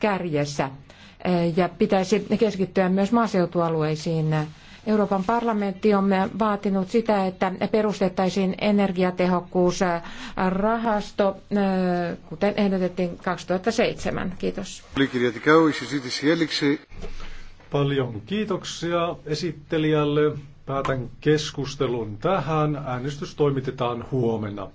kärjessä eh, ja pitäisi keskittyä myös maaseutualueisiin. Euroopan parlamentti on vaatinut sitä, että perustettaisiin energiatehokkuusrahasto, eh, kuten ehdotettiin 2007. Kiitos. Paljon kiitoksia esittelijälle. Päätän keskustelun tähän. Äänestys toimitetaan huomenna.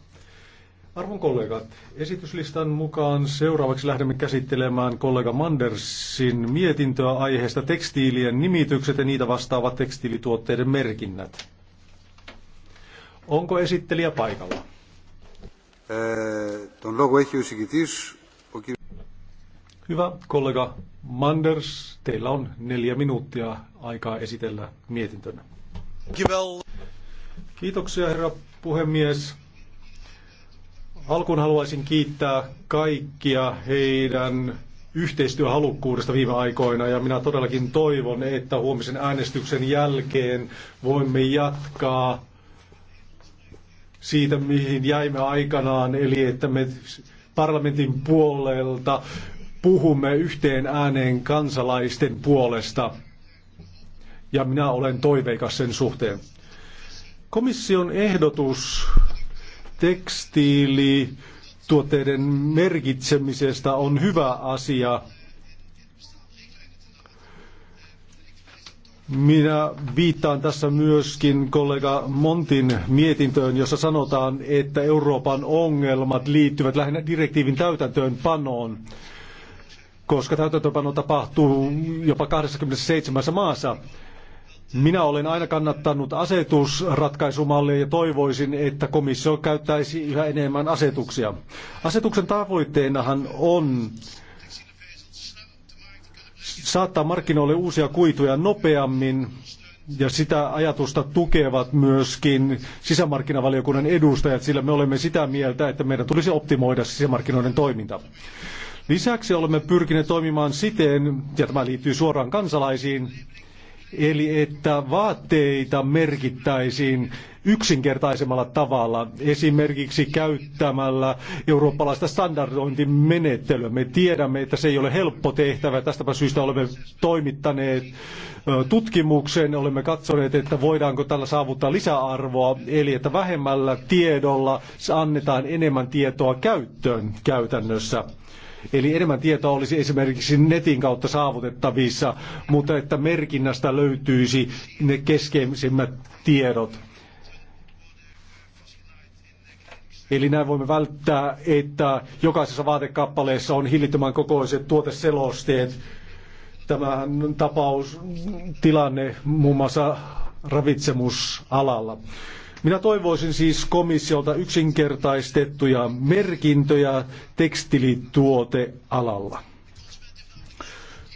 Arvon kollegat, esityslistan mukaan seuraavaksi lähdemme käsittelemään kollega Mandersin mietintöä aiheesta tekstiilien nimitykset ja niitä vastaavat tekstiilituotteiden merkinnät. Onko esittelijä paikalla? Hyvä kollega Manders, teillä on neljä minuuttia aikaa esitellä mietintönä. Kiitoksia herra puhemies. Alkuun haluaisin kiittää kaikkia heidän yhteistyöhalukkuudesta viime aikoina ja minä todellakin toivon, että huomisen äänestyksen jälkeen voimme jatkaa siitä, mihin jäimme aikanaan, eli että me parlamentin puolelta puhumme yhteen ääneen kansalaisten puolesta. Ja minä olen toiveikas sen suhteen. Komission ehdotus tekstiilituotteiden merkitsemisestä on hyvä asia. Minä viittaan tässä myöskin kollega Montin mietintöön, jossa sanotaan, että Euroopan ongelmat liittyvät lähinnä direktiivin täytäntöönpanoon, koska täytäntöönpano tapahtuu jopa 27 maassa. Minä olen aina kannattanut asetusratkaisumallia ja toivoisin, että komissio käyttäisi yhä enemmän asetuksia. Asetuksen tavoitteenahan on saattaa markkinoille uusia kuituja nopeammin ja sitä ajatusta tukevat myöskin sisämarkkinavaliokunnan edustajat, sillä me olemme sitä mieltä, että meidän tulisi optimoida sisämarkkinoiden toiminta. Lisäksi olemme pyrkineet toimimaan siten, ja tämä liittyy suoraan kansalaisiin, Eli että vaatteita merkittäisiin yksinkertaisemmalla tavalla, esimerkiksi käyttämällä eurooppalaista standardointimenettelyä. Me tiedämme, että se ei ole helppo tehtävä. Tästäpä syystä olemme toimittaneet tutkimuksen, olemme katsoneet, että voidaanko tällä saavuttaa lisäarvoa, eli että vähemmällä tiedolla annetaan enemmän tietoa käyttöön käytännössä. Eli enemmän tietoa olisi esimerkiksi netin kautta saavutettavissa, mutta että merkinnästä löytyisi ne keskeisimmät tiedot. Eli näin voimme välttää, että jokaisessa vaatekappaleessa on hillittömän kokoiset tuoteselosteet. Tämä tapaus, tilanne muun muassa ravitsemusalalla. Minä toivoisin siis komissiolta yksinkertaistettuja merkintöjä tekstiilituotealalla.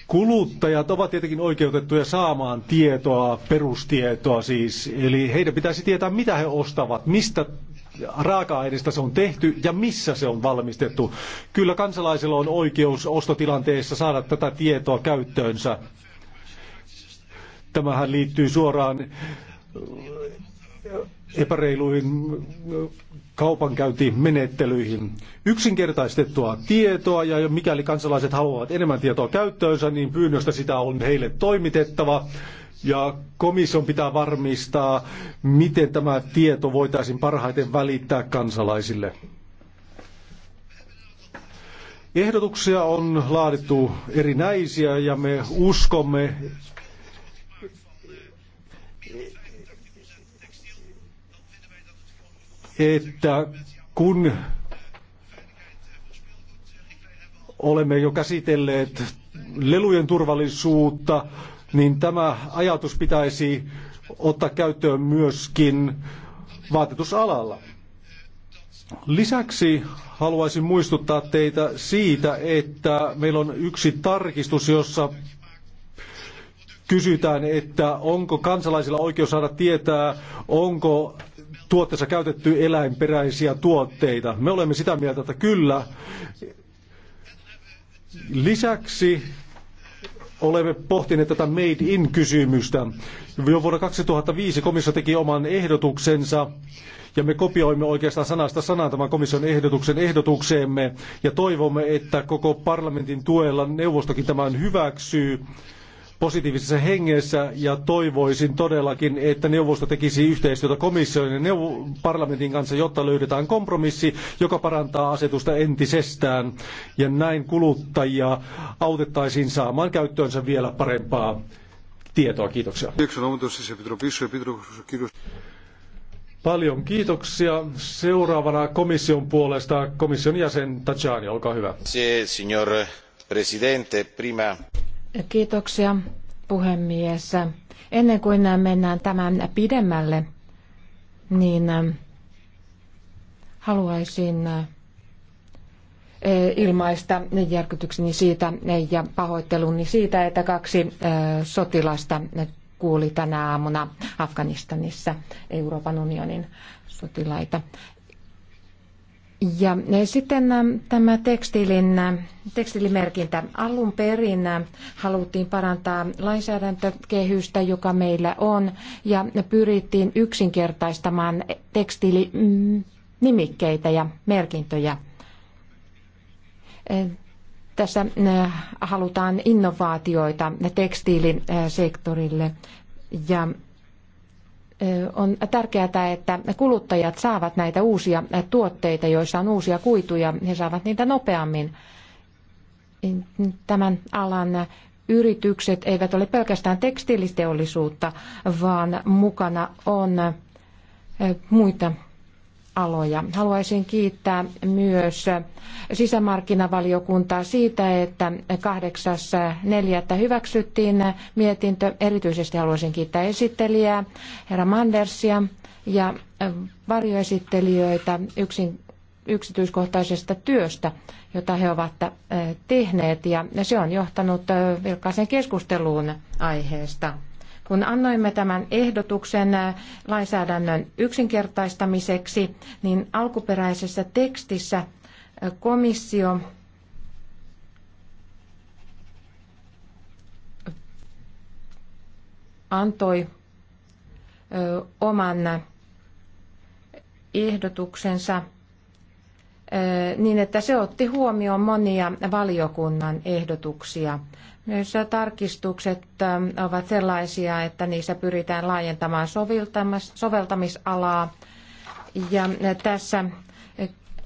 Kuluttajat ovat tietenkin oikeutettuja saamaan tietoa, perustietoa siis, eli heidän pitäisi tietää, mitä he ostavat, mistä raaka-aineista se on tehty ja missä se on valmistettu. Kyllä kansalaisilla on oikeus ostotilanteessa saada tätä tietoa käyttöönsä. Tämähän liittyy suoraan epäreiluihin äh, kaupankäyntimenettelyihin. Yksinkertaistettua tietoa ja mikäli kansalaiset haluavat enemmän tietoa käyttöönsä, niin pyynnöstä sitä on heille toimitettava. Ja komission pitää varmistaa, miten tämä tieto voitaisiin parhaiten välittää kansalaisille. Ehdotuksia on laadittu erinäisiä ja me uskomme, että kun olemme jo käsitelleet lelujen turvallisuutta, niin tämä ajatus pitäisi ottaa käyttöön myöskin vaatetusalalla. Lisäksi haluaisin muistuttaa teitä siitä, että meillä on yksi tarkistus, jossa kysytään, että onko kansalaisilla oikeus saada tietää, onko tuotteessa käytetty eläinperäisiä tuotteita. Me olemme sitä mieltä, että kyllä. Lisäksi olemme pohtineet tätä Made in-kysymystä. Jo vuonna 2005 komissio teki oman ehdotuksensa ja me kopioimme oikeastaan sanasta sanaan tämän komission ehdotuksen ehdotukseemme ja toivomme, että koko parlamentin tuella neuvostokin tämän hyväksyy positiivisessa hengessä ja toivoisin todellakin, että neuvosto tekisi yhteistyötä komission ja neuv- parlamentin kanssa, jotta löydetään kompromissi, joka parantaa asetusta entisestään ja näin kuluttajia autettaisiin saamaan käyttöönsä vielä parempaa tietoa. Kiitoksia. Paljon kiitoksia. Seuraavana komission puolesta komission jäsen Tajani, olkaa hyvä. Se, signor presidente, prima... Kiitoksia puhemies. Ennen kuin mennään tämän pidemmälle, niin haluaisin e, ilmaista järkytykseni siitä ja pahoitteluni siitä, että kaksi sotilasta kuuli tänä aamuna Afganistanissa Euroopan unionin sotilaita. Ja eh, sitten eh, tämä tekstiilin, eh, tekstiilimerkintä. Alun perin haluttiin parantaa lainsäädäntökehystä, joka meillä on, ja pyrittiin yksinkertaistamaan tekstiilinimikkeitä mm, ja merkintöjä. Tässä halutaan innovaatioita tekstiilisektorille ja on tärkeää, että kuluttajat saavat näitä uusia tuotteita, joissa on uusia kuituja, he saavat niitä nopeammin. Tämän alan yritykset eivät ole pelkästään tekstiiliteollisuutta, vaan mukana on muita aloja. Haluaisin kiittää myös sisämarkkinavaliokuntaa siitä, että 8.4. hyväksyttiin mietintö. Erityisesti haluaisin kiittää esittelijää, herra Mandersia ja varjoesittelijöitä yksin, yksityiskohtaisesta työstä, jota he ovat äh, tehneet. Ja se on johtanut äh, vilkkaaseen keskusteluun aiheesta. Kun annoimme tämän ehdotuksen äh, lainsäädännön yksinkertaistamiseksi, niin alkuperäisessä tekstissä äh, komissio äh, antoi oman ehdotuksensa niin, että se otti huomioon monia valiokunnan ehdotuksia. Myös tarkistukset äh, ovat sellaisia, että niissä pyritään laajentamaan soveltamisalaa. Ja äh, tässä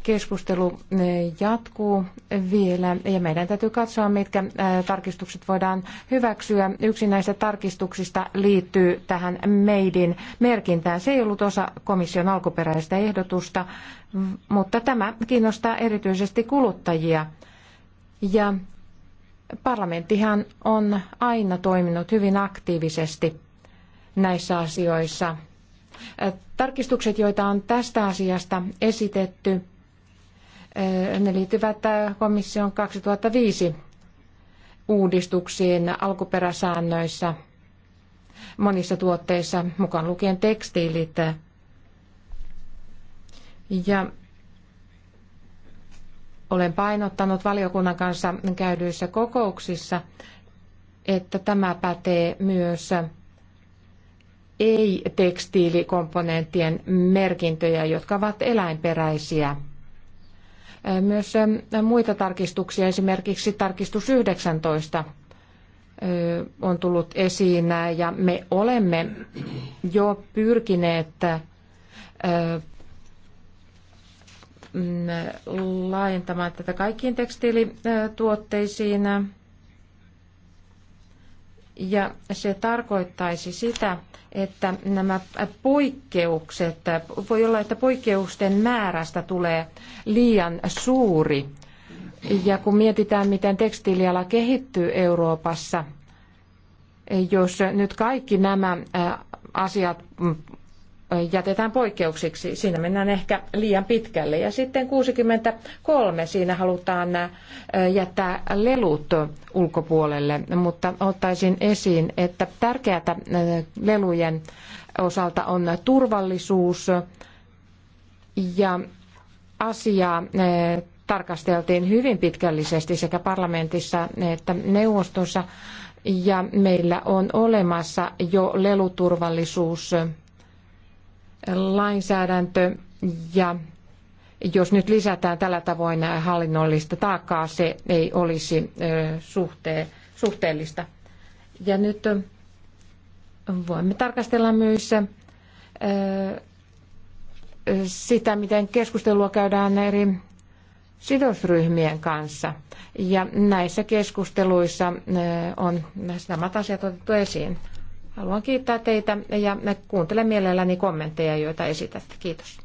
keskustelu äh, jatkuu vielä ja meidän täytyy katsoa, mitkä tarkistukset voidaan hyväksyä. Yksi näistä tarkistuksista liittyy tähän meidin merkintään. Se ei ollut osa komission alkuperäistä ehdotusta, mutta tämä kiinnostaa erityisesti kuluttajia. Ja Parlamenttihan on aina toiminut hyvin aktiivisesti näissä asioissa. Tarkistukset, joita on tästä asiasta esitetty, ne liittyvät komission 2005 uudistuksiin alkuperäsäännöissä monissa tuotteissa, mukaan lukien tekstiilit. Ja olen painottanut valiokunnan kanssa käydyissä kokouksissa, että tämä pätee myös ei-tekstiilikomponenttien merkintöjä, jotka ovat eläinperäisiä. Myös muita tarkistuksia, esimerkiksi tarkistus 19 on tullut esiin ja me olemme jo pyrkineet laajentamaan tätä kaikkiin tekstiilituotteisiin. Ja se tarkoittaisi sitä, että nämä poikkeukset, voi olla, että poikkeusten määrästä tulee liian suuri. Ja kun mietitään, miten tekstiiliala kehittyy Euroopassa, jos nyt kaikki nämä asiat jätetään poikkeuksiksi. Siinä mennään ehkä liian pitkälle. Ja sitten 63 siinä halutaan äh, jättää lelut ulkopuolelle, mutta ottaisin esiin, että tärkeää äh, lelujen osalta on turvallisuus ja asiaa äh, tarkasteltiin hyvin pitkällisesti sekä parlamentissa että neuvostossa ja meillä on olemassa jo leluturvallisuus lainsäädäntö ja jos nyt lisätään tällä tavoin hallinnollista taakkaa, se ei olisi suhteellista. Ja nyt voimme tarkastella myös sitä, miten keskustelua käydään eri sidosryhmien kanssa. Ja näissä keskusteluissa on nämä samat asiat otettu esiin. Haluan kiittää teitä ja me kuuntelen mielelläni kommentteja, joita esitätte. Kiitos.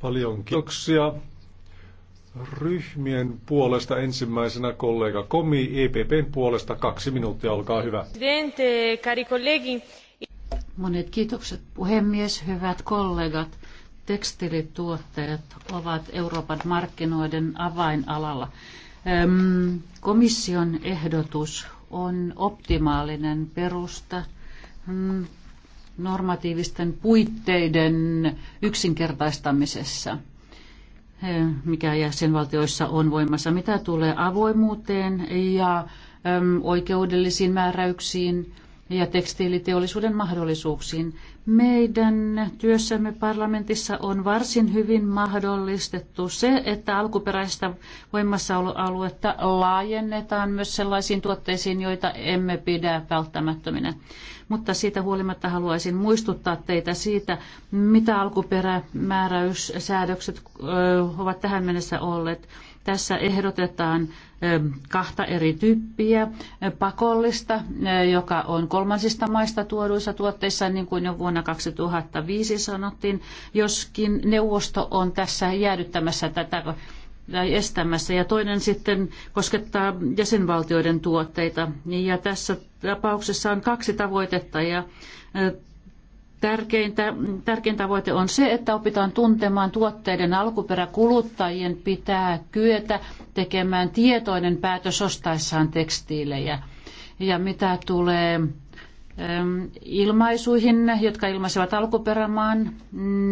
Paljon kiitoksia. Ryhmien puolesta ensimmäisenä kollega Komi, EPPn puolesta kaksi minuuttia, olkaa hyvä. Monet kiitokset puhemies, hyvät kollegat. Tekstilituotteet ovat Euroopan markkinoiden avainalalla. Komission ehdotus on optimaalinen perusta mm, normatiivisten puitteiden yksinkertaistamisessa, mikä jäsenvaltioissa on voimassa. Mitä tulee avoimuuteen ja oikeudellisiin määräyksiin ja tekstiiliteollisuuden mahdollisuuksiin, meidän työssämme parlamentissa on varsin hyvin mahdollistettu se, että alkuperäistä voimassaoloaluetta laajennetaan myös sellaisiin tuotteisiin, joita emme pidä välttämättöminä. Mutta siitä huolimatta haluaisin muistuttaa teitä siitä, mitä alkuperämääräyssäädökset ovat tähän mennessä olleet. Tässä ehdotetaan kahta eri tyyppiä. Pakollista, joka on kolmansista maista tuoduissa tuotteissa, niin kuin jo vuonna 2005 sanottiin, joskin neuvosto on tässä jäädyttämässä tätä tai estämässä. Ja toinen sitten koskettaa jäsenvaltioiden tuotteita. Ja tässä tapauksessa on kaksi tavoitetta ja Tärkeintä, tärkein tavoite on se, että opitaan tuntemaan tuotteiden alkuperä. Kuluttajien pitää kyetä tekemään tietoinen päätös ostaessaan tekstiilejä. Ja mitä tulee ilmaisuihin, jotka ilmaisevat alkuperämaan,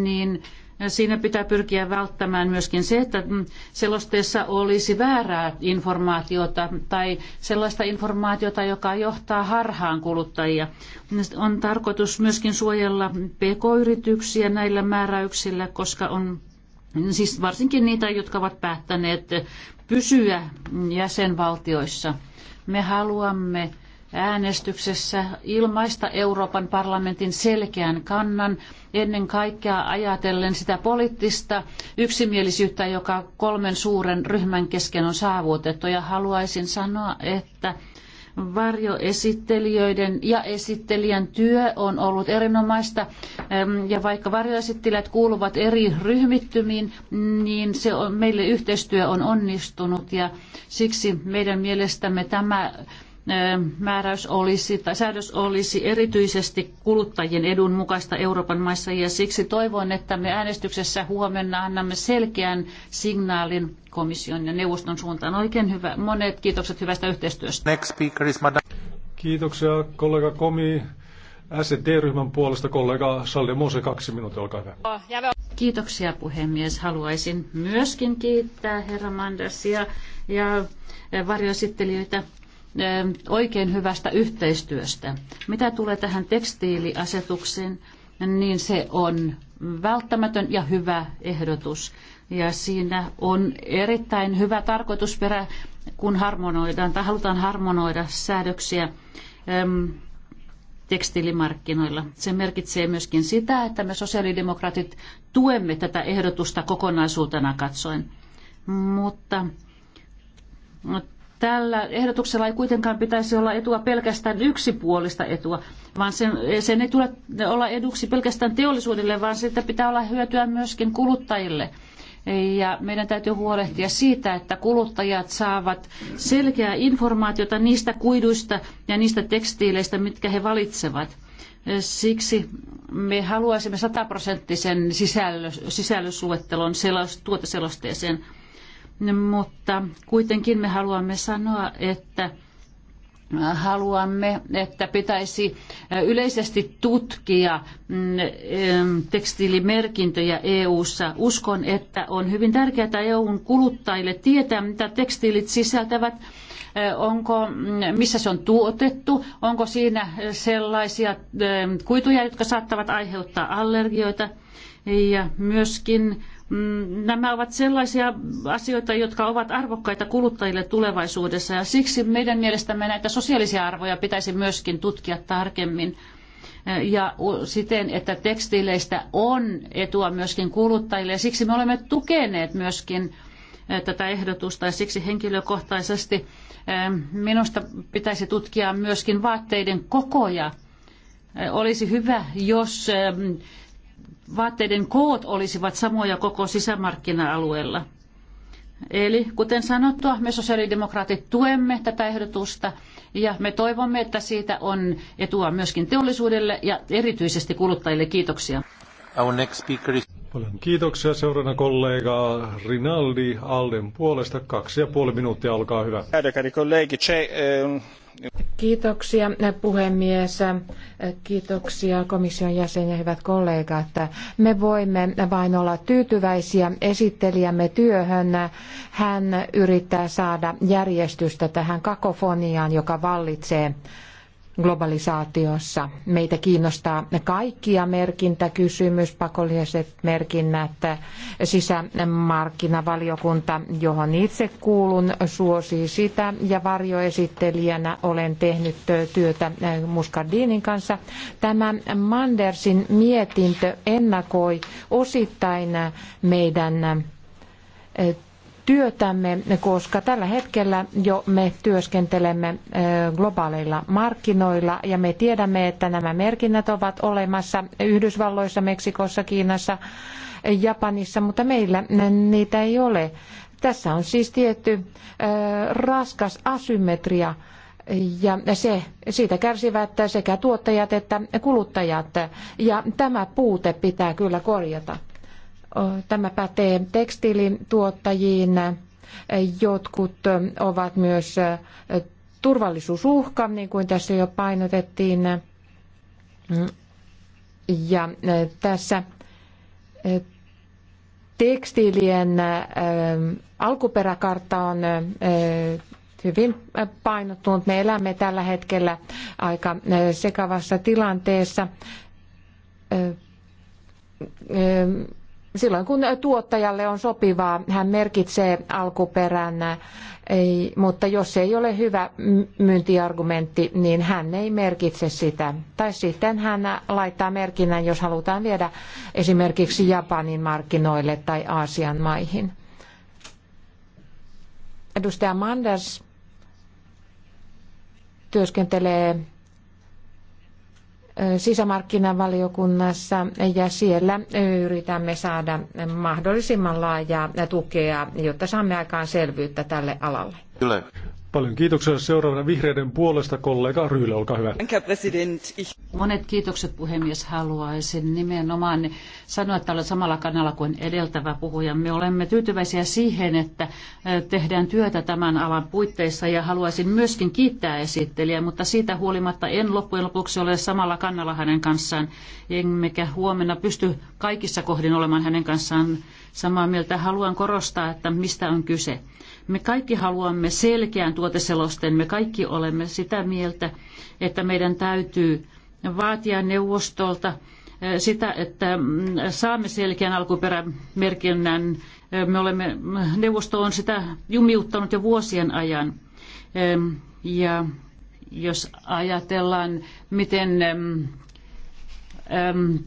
niin Siinä pitää pyrkiä välttämään myöskin se, että mm, selosteessa olisi väärää informaatiota tai sellaista informaatiota, joka johtaa harhaan kuluttajia. On tarkoitus myöskin suojella pk-yrityksiä näillä määräyksillä, koska on siis varsinkin niitä, jotka ovat päättäneet pysyä jäsenvaltioissa. Me haluamme äänestyksessä ilmaista Euroopan parlamentin selkeän kannan ennen kaikkea ajatellen sitä poliittista yksimielisyyttä, joka kolmen suuren ryhmän kesken on saavutettu. Ja haluaisin sanoa, että varjoesittelijöiden ja esittelijän työ on ollut erinomaista. Ja vaikka varjoesittelijät kuuluvat eri ryhmittymiin, niin se on, meille yhteistyö on onnistunut ja siksi meidän mielestämme tämä määräys olisi tai säädös olisi erityisesti kuluttajien edun mukaista Euroopan maissa ja siksi toivon, että me äänestyksessä huomenna annamme selkeän signaalin komission ja neuvoston suuntaan. Oikein hyvä. Monet kiitokset hyvästä yhteistyöstä. Next speaker is Madame. Kiitoksia kollega Komi. SD-ryhmän puolesta kollega Salle Mose, kaksi minuuttia, olkaa hyvä. Kiitoksia puhemies. Haluaisin myöskin kiittää herra Mandersia ja varjoesittelijöitä oikein hyvästä yhteistyöstä. Mitä tulee tähän tekstiiliasetukseen, niin se on välttämätön ja hyvä ehdotus. Ja siinä on erittäin hyvä tarkoitusperä, kun harmonoidaan tai halutaan harmonoida säädöksiä tekstiilimarkkinoilla. Se merkitsee myöskin sitä, että me sosiaalidemokraatit tuemme tätä ehdotusta kokonaisuutena katsoen. Mutta Tällä ehdotuksella ei kuitenkaan pitäisi olla etua pelkästään yksipuolista etua, vaan sen, sen ei tule olla eduksi pelkästään teollisuudelle, vaan siitä pitää olla hyötyä myöskin kuluttajille. Ja meidän täytyy huolehtia siitä, että kuluttajat saavat selkeää informaatiota niistä kuiduista ja niistä tekstiileistä, mitkä he valitsevat. Siksi me haluaisimme sataprosenttisen sisällysluettelon tuoteselosteeseen mutta kuitenkin me haluamme sanoa, että haluamme, että pitäisi yleisesti tutkia mm, tekstiilimerkintöjä EU-ssa. Uskon, että on hyvin tärkeää EUn kuluttajille tietää, mitä tekstiilit sisältävät, onko, mm, missä se on tuotettu, onko siinä sellaisia kuituja, jotka saattavat aiheuttaa allergioita ja myöskin Mm, nämä ovat sellaisia asioita, jotka ovat arvokkaita kuluttajille tulevaisuudessa ja siksi meidän mielestämme näitä sosiaalisia arvoja pitäisi myöskin tutkia tarkemmin eh, ja siten, että tekstiileistä on etua myöskin kuluttajille ja siksi me olemme tukeneet myöskin eh, tätä ehdotusta ja siksi henkilökohtaisesti eh, minusta pitäisi tutkia myöskin vaatteiden kokoja. Olisi hyvä, jos vaatteiden koot olisivat samoja koko sisämarkkina-alueella. Eli kuten sanottua, me sosiaalidemokraatit tuemme tätä ehdotusta ja me toivomme, että siitä on etua myöskin teollisuudelle ja erityisesti kuluttajille. Kiitoksia. Our next speaker is... Paljon kiitoksia seurana kollega Rinaldi Alden puolesta. Kaksi ja puoli minuuttia, olkaa hyvä. Cari colleghi, c'è Kiitoksia puhemies, kiitoksia komission jäsen ja hyvät kollegat. Me voimme vain olla tyytyväisiä esittelijämme työhön. Hän yrittää saada järjestystä tähän kakofoniaan, joka vallitsee globalisaatiossa. Meitä kiinnostaa kaikkia merkintäkysymys, pakolliset merkinnät, sisämarkkinavaliokunta, johon itse kuulun, suosii sitä ja varjoesittelijänä olen tehnyt työtä Muscardinin kanssa. Tämä Mandersin mietintö ennakoi osittain meidän työtämme, koska tällä hetkellä jo me työskentelemme globaaleilla markkinoilla ja me tiedämme, että nämä merkinnät ovat olemassa Yhdysvalloissa, Meksikossa, Kiinassa, Japanissa, mutta meillä niitä ei ole. Tässä on siis tietty raskas asymmetria ja se, siitä kärsivät sekä tuottajat että kuluttajat ja tämä puute pitää kyllä korjata. Tämä pätee tuottajiin, Jotkut ovat myös turvallisuusuhka, niin kuin tässä jo painotettiin. Ja tässä tekstiilien alkuperäkartta on hyvin painottunut. Me elämme tällä hetkellä aika sekavassa tilanteessa silloin kun tuottajalle on sopivaa, hän merkitsee alkuperän, mutta jos ei ole hyvä myyntiargumentti, niin hän ei merkitse sitä. Tai sitten hän laittaa merkinnän, jos halutaan viedä esimerkiksi Japanin markkinoille tai Aasian maihin. Edustaja Manders työskentelee sisämarkkinavaliokunnassa ja siellä yritämme saada mahdollisimman laajaa tukea, jotta saamme aikaan selvyyttä tälle alalle. Kyllä. Paljon kiitoksia seuraavana vihreiden puolesta kollega Ryylä, olkaa hyvä. Monet kiitokset puhemies haluaisin nimenomaan sanoa, että olen samalla kannalla kuin edeltävä puhuja. Me olemme tyytyväisiä siihen, että tehdään työtä tämän alan puitteissa ja haluaisin myöskin kiittää esittelijää, mutta siitä huolimatta en loppujen lopuksi ole samalla kannalla hänen kanssaan, emmekä huomenna pysty kaikissa kohdin olemaan hänen kanssaan samaa mieltä. Haluan korostaa, että mistä on kyse. Me kaikki haluamme selkeän tuoteselosteen. Me kaikki olemme sitä mieltä, että meidän täytyy vaatia neuvostolta eh, sitä, että mm, saamme selkeän alkuperämerkinnän. Eh, me olemme, mm, neuvosto on sitä jumiuttanut jo vuosien ajan. Ja jos ajatellaan, miten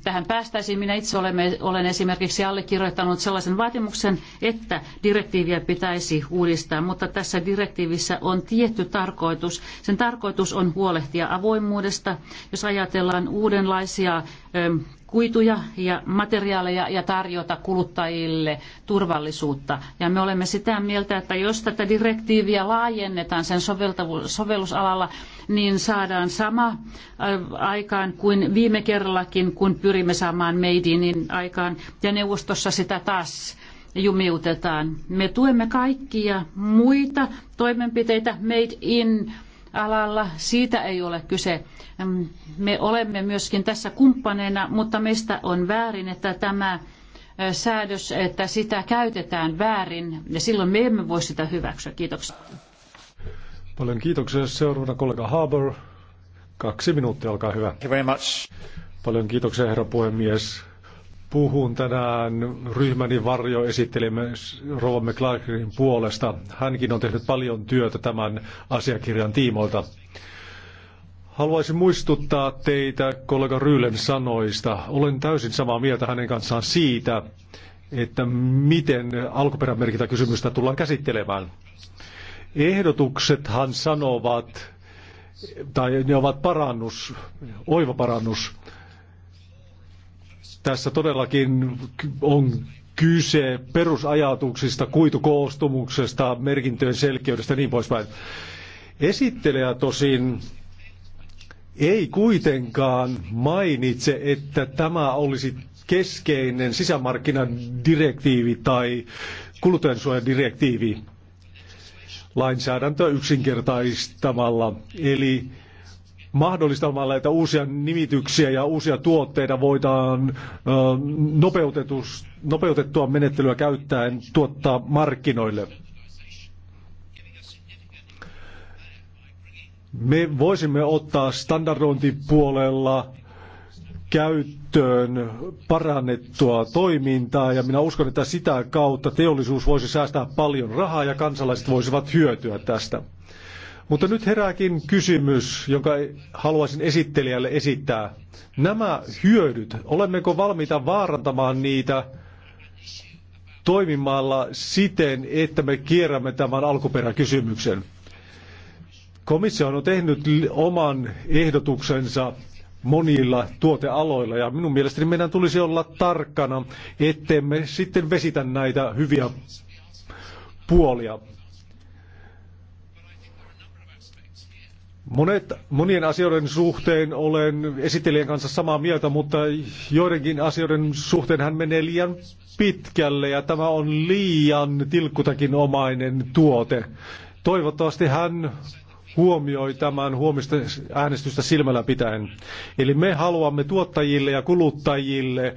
tähän päästäisiin. Minä itse olen esimerkiksi allekirjoittanut sellaisen vaatimuksen, että direktiiviä pitäisi uudistaa, mutta tässä direktiivissä on tietty tarkoitus. Sen tarkoitus on huolehtia avoimuudesta. Jos ajatellaan uudenlaisia kuituja ja materiaaleja ja tarjota kuluttajille turvallisuutta. Ja me olemme sitä mieltä, että jos tätä direktiiviä laajennetaan sen sovellusalalla, niin saadaan sama äh, aikaan kuin viime kerrallakin, kun pyrimme saamaan Made aikaan. Ja neuvostossa sitä taas jumiutetaan. Me tuemme kaikkia muita toimenpiteitä Made in alalla. Siitä ei ole kyse. Me olemme myöskin tässä kumppaneina, mutta meistä on väärin, että tämä säädös, että sitä käytetään väärin, ja silloin me emme voi sitä hyväksyä. Kiitoksia. Paljon kiitoksia. Seuraavana kollega Haber. Kaksi minuuttia, olkaa hyvä. Thank you very much. Paljon kiitoksia, herra puhemies puhun tänään ryhmäni varjo esittelemme Rova McClarkin puolesta. Hänkin on tehnyt paljon työtä tämän asiakirjan tiimoilta. Haluaisin muistuttaa teitä kollega Ryylen sanoista. Olen täysin samaa mieltä hänen kanssaan siitä, että miten alkuperämerkintä kysymystä tullaan käsittelemään. Ehdotuksethan sanovat, tai ne ovat parannus, oiva parannus tässä todellakin on kyse perusajatuksista, kuitukoostumuksesta, merkintöjen selkeydestä ja niin poispäin. Esittelijä tosin ei kuitenkaan mainitse, että tämä olisi keskeinen sisämarkkinadirektiivi tai kuluttajansuojadirektiivi lainsäädäntöä yksinkertaistamalla. Eli mahdollistamalla, että uusia nimityksiä ja uusia tuotteita voidaan nopeutettua menettelyä käyttäen tuottaa markkinoille. Me voisimme ottaa standardointipuolella käyttöön parannettua toimintaa ja minä uskon, että sitä kautta teollisuus voisi säästää paljon rahaa ja kansalaiset voisivat hyötyä tästä. Mutta nyt herääkin kysymys, jonka haluaisin esittelijälle esittää. Nämä hyödyt, olemmeko valmiita vaarantamaan niitä toimimalla siten, että me kierrämme tämän alkuperäkysymyksen? Komissio on tehnyt oman ehdotuksensa monilla tuotealoilla ja minun mielestäni meidän tulisi olla tarkkana, ettemme sitten vesitä näitä hyviä puolia. Monet, monien asioiden suhteen olen esittelijän kanssa samaa mieltä, mutta joidenkin asioiden suhteen hän menee liian pitkälle ja tämä on liian tilkkutakin omainen tuote. Toivottavasti hän huomioi tämän huomista äänestystä silmällä pitäen. Eli me haluamme tuottajille ja kuluttajille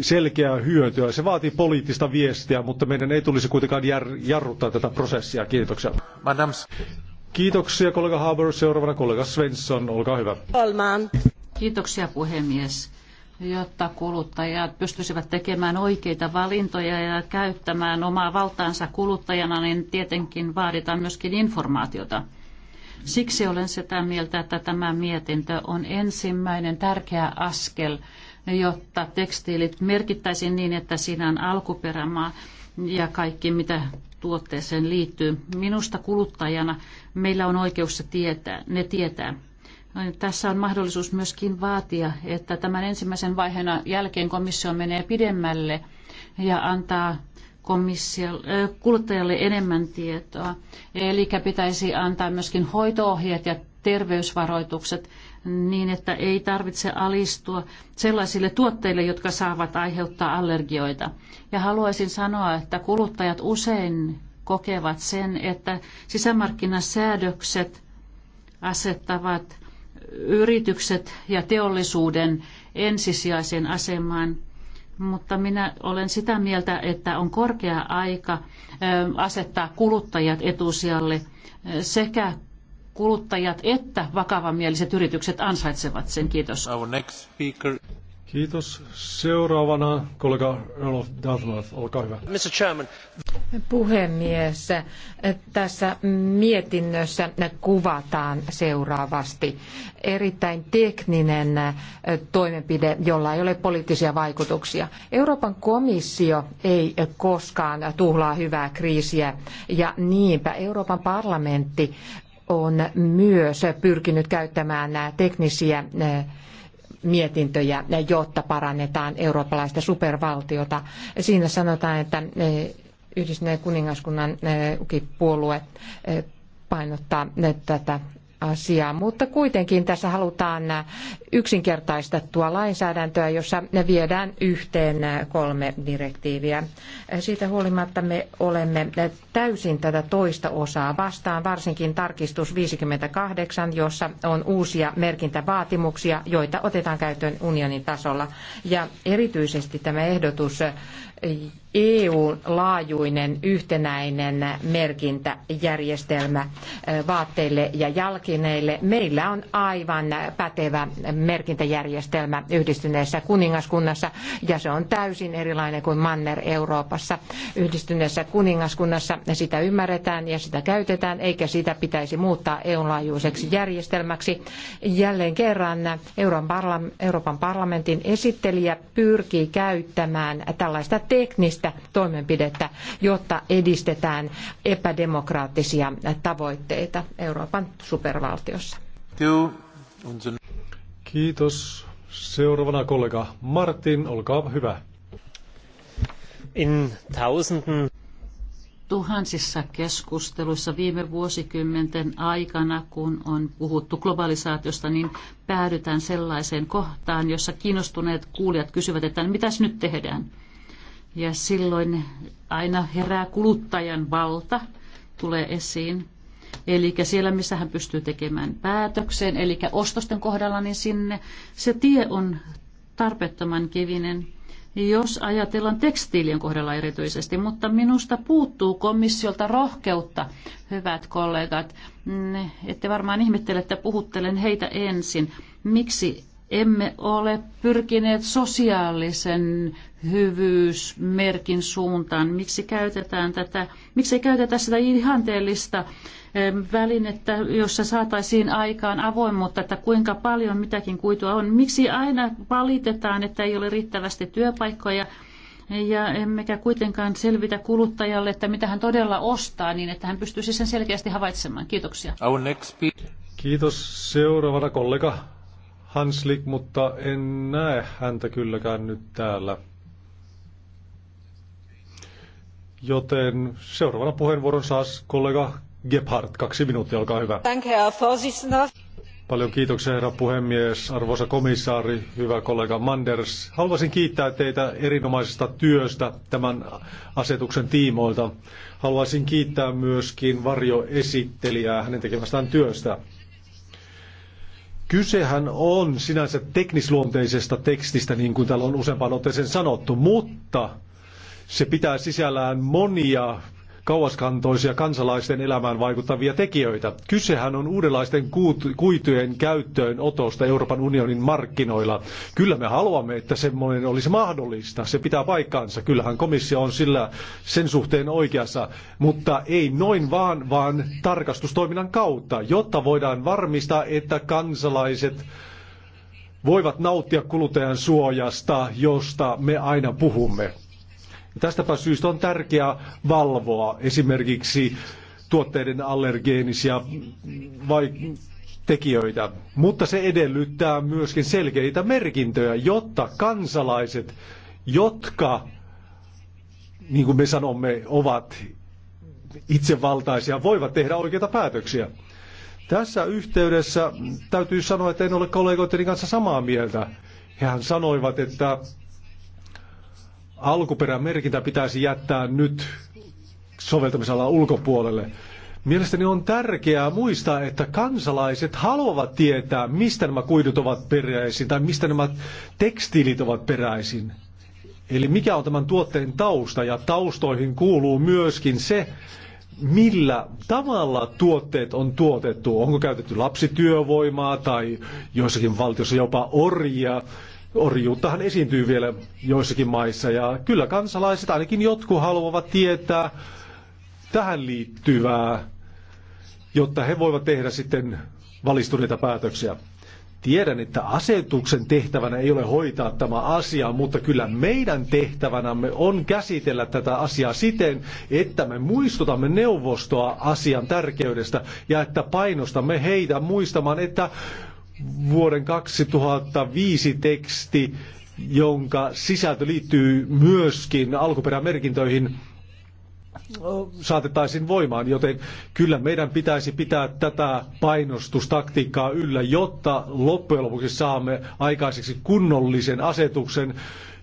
selkeää hyötyä. Se vaatii poliittista viestiä, mutta meidän ei tulisi kuitenkaan jarruttaa tätä prosessia. Kiitoksia. Madams. Kiitoksia kollega Haber. Seuraavana kollega Svensson, olkaa hyvä. Olmaan. Kiitoksia puhemies jotta kuluttajat pystyisivät tekemään oikeita valintoja ja käyttämään omaa valtaansa kuluttajana, niin tietenkin vaaditaan myöskin informaatiota. Siksi olen sitä mieltä, että tämä mietintö on ensimmäinen tärkeä askel, jotta tekstiilit merkittäisiin niin, että siinä on alkuperämaa ja kaikki, mitä tuotteeseen liittyy. Minusta kuluttajana meillä on oikeus tietää, ne tietää. No, tässä on mahdollisuus myöskin vaatia, että tämän ensimmäisen vaiheen jälkeen komissio menee pidemmälle ja antaa kuluttajalle enemmän tietoa. Eli pitäisi antaa myöskin hoitoohjeet ja terveysvaroitukset niin, että ei tarvitse alistua sellaisille tuotteille, jotka saavat aiheuttaa allergioita. Ja haluaisin sanoa, että kuluttajat usein kokevat sen, että sisämarkkinasäädökset asettavat yritykset ja teollisuuden ensisijaisen asemaan mutta minä olen sitä mieltä, että on korkea aika asettaa kuluttajat etusijalle sekä kuluttajat että vakavamieliset yritykset ansaitsevat sen. Kiitos. Kiitos. Seuraavana kollega Earl of Dartmouth, olkaa hyvä. Mr. Chairman. Puhemies, tässä mietinnössä kuvataan seuraavasti erittäin tekninen toimenpide, jolla ei ole poliittisia vaikutuksia. Euroopan komissio ei koskaan tuhlaa hyvää kriisiä ja niinpä Euroopan parlamentti on myös pyrkinyt käyttämään teknisiä eh, mietintöjä, eh, jotta parannetaan eurooppalaista supervaltiota. Siinä sanotaan, että eh, yhdistyneen kuningaskunnan UKIP-puolue painottaa tätä asiaa, mutta kuitenkin tässä halutaan yksinkertaistettua lainsäädäntöä, jossa ne viedään yhteen kolme direktiiviä. Siitä huolimatta me olemme täysin tätä toista osaa vastaan, varsinkin tarkistus 58, jossa on uusia merkintävaatimuksia, joita otetaan käyttöön unionin tasolla. Ja erityisesti tämä ehdotus EU-laajuinen yhtenäinen merkintäjärjestelmä vaatteille ja jalkineille. Meillä on aivan pätevä merkintäjärjestelmä yhdistyneessä kuningaskunnassa ja se on täysin erilainen kuin Manner Euroopassa. Yhdistyneessä kuningaskunnassa sitä ymmärretään ja sitä käytetään eikä sitä pitäisi muuttaa EU-laajuiseksi järjestelmäksi. Jälleen kerran Euroopan parlamentin esittelijä pyrkii käyttämään tällaista teknistä toimenpidettä, jotta edistetään epädemokraattisia tavoitteita Euroopan supervaltiossa. Kiitos. Seuraavana kollega Martin, olkaa hyvä. In tausenden tuhansissa keskusteluissa viime vuosikymmenten aikana, kun on puhuttu globalisaatiosta, niin päädytään sellaiseen kohtaan, jossa kiinnostuneet kuulijat kysyvät, että mitäs nyt tehdään? Ja silloin aina herää kuluttajan valta, tulee esiin. Eli siellä, missä hän pystyy tekemään päätöksen, eli ostosten kohdalla, niin sinne se tie on tarpeettoman kivinen jos ajatellaan tekstiilien kohdalla erityisesti, mutta minusta puuttuu komissiolta rohkeutta, hyvät kollegat. Mm, ette varmaan ihmettele, että puhuttelen heitä ensin. Miksi emme ole pyrkineet sosiaalisen hyvyysmerkin suuntaan. Miksi käytetään tätä, miksi ei käytetä sitä ihanteellista eh, välinettä, jossa saataisiin aikaan avoimuutta, että kuinka paljon mitäkin kuitua on. Miksi aina valitetaan, että ei ole riittävästi työpaikkoja ja emmekä kuitenkaan selvitä kuluttajalle, että mitä hän todella ostaa, niin että hän pystyisi sen selkeästi havaitsemaan. Kiitoksia. Kiitos. Seuraavana kollega Hanslik, mutta en näe häntä kylläkään nyt täällä. Joten seuraavana puheenvuoron saa kollega Gebhardt. Kaksi minuuttia, olkaa hyvä. Paljon kiitoksia, herra puhemies, arvoisa komissaari, hyvä kollega Manders. Haluaisin kiittää teitä erinomaisesta työstä tämän asetuksen tiimoilta. Haluaisin kiittää myöskin varjoesittelijää hänen tekemästään työstä. Kysehän on sinänsä teknisluonteisesta tekstistä, niin kuin täällä on useampaan otteeseen sanottu, mutta se pitää sisällään monia kauaskantoisia kansalaisten elämään vaikuttavia tekijöitä. Kysehän on uudenlaisten kuitujen käyttöön otosta Euroopan unionin markkinoilla. Kyllä me haluamme, että semmoinen olisi mahdollista. Se pitää paikkaansa. Kyllähän komissio on sillä sen suhteen oikeassa, mutta ei noin vaan, vaan tarkastustoiminnan kautta, jotta voidaan varmistaa, että kansalaiset voivat nauttia kuluttajan suojasta, josta me aina puhumme. Tästäpä syystä on tärkeää valvoa esimerkiksi tuotteiden allergeenisia vai tekijöitä, mutta se edellyttää myöskin selkeitä merkintöjä, jotta kansalaiset, jotka, niin kuin me sanomme, ovat itsevaltaisia, voivat tehdä oikeita päätöksiä. Tässä yhteydessä täytyy sanoa, että en ole kollegoitteni kanssa samaa mieltä. Hehän sanoivat, että alkuperämerkintä pitäisi jättää nyt soveltamisalan ulkopuolelle. Mielestäni on tärkeää muistaa, että kansalaiset haluavat tietää, mistä nämä kuidut ovat peräisin tai mistä nämä tekstiilit ovat peräisin. Eli mikä on tämän tuotteen tausta ja taustoihin kuuluu myöskin se, millä tavalla tuotteet on tuotettu. Onko käytetty lapsityövoimaa tai joissakin valtiossa jopa orjia Orjuuttahan esiintyy vielä joissakin maissa ja kyllä kansalaiset, ainakin jotkut, haluavat tietää tähän liittyvää, jotta he voivat tehdä sitten valistuneita päätöksiä. Tiedän, että asetuksen tehtävänä ei ole hoitaa tämä asia, mutta kyllä meidän tehtävänämme on käsitellä tätä asiaa siten, että me muistutamme neuvostoa asian tärkeydestä ja että painostamme heitä muistamaan, että vuoden 2005 teksti, jonka sisältö liittyy myöskin alkuperämerkintöihin, saatettaisiin voimaan, joten kyllä meidän pitäisi pitää tätä painostustaktiikkaa yllä, jotta loppujen lopuksi saamme aikaiseksi kunnollisen asetuksen,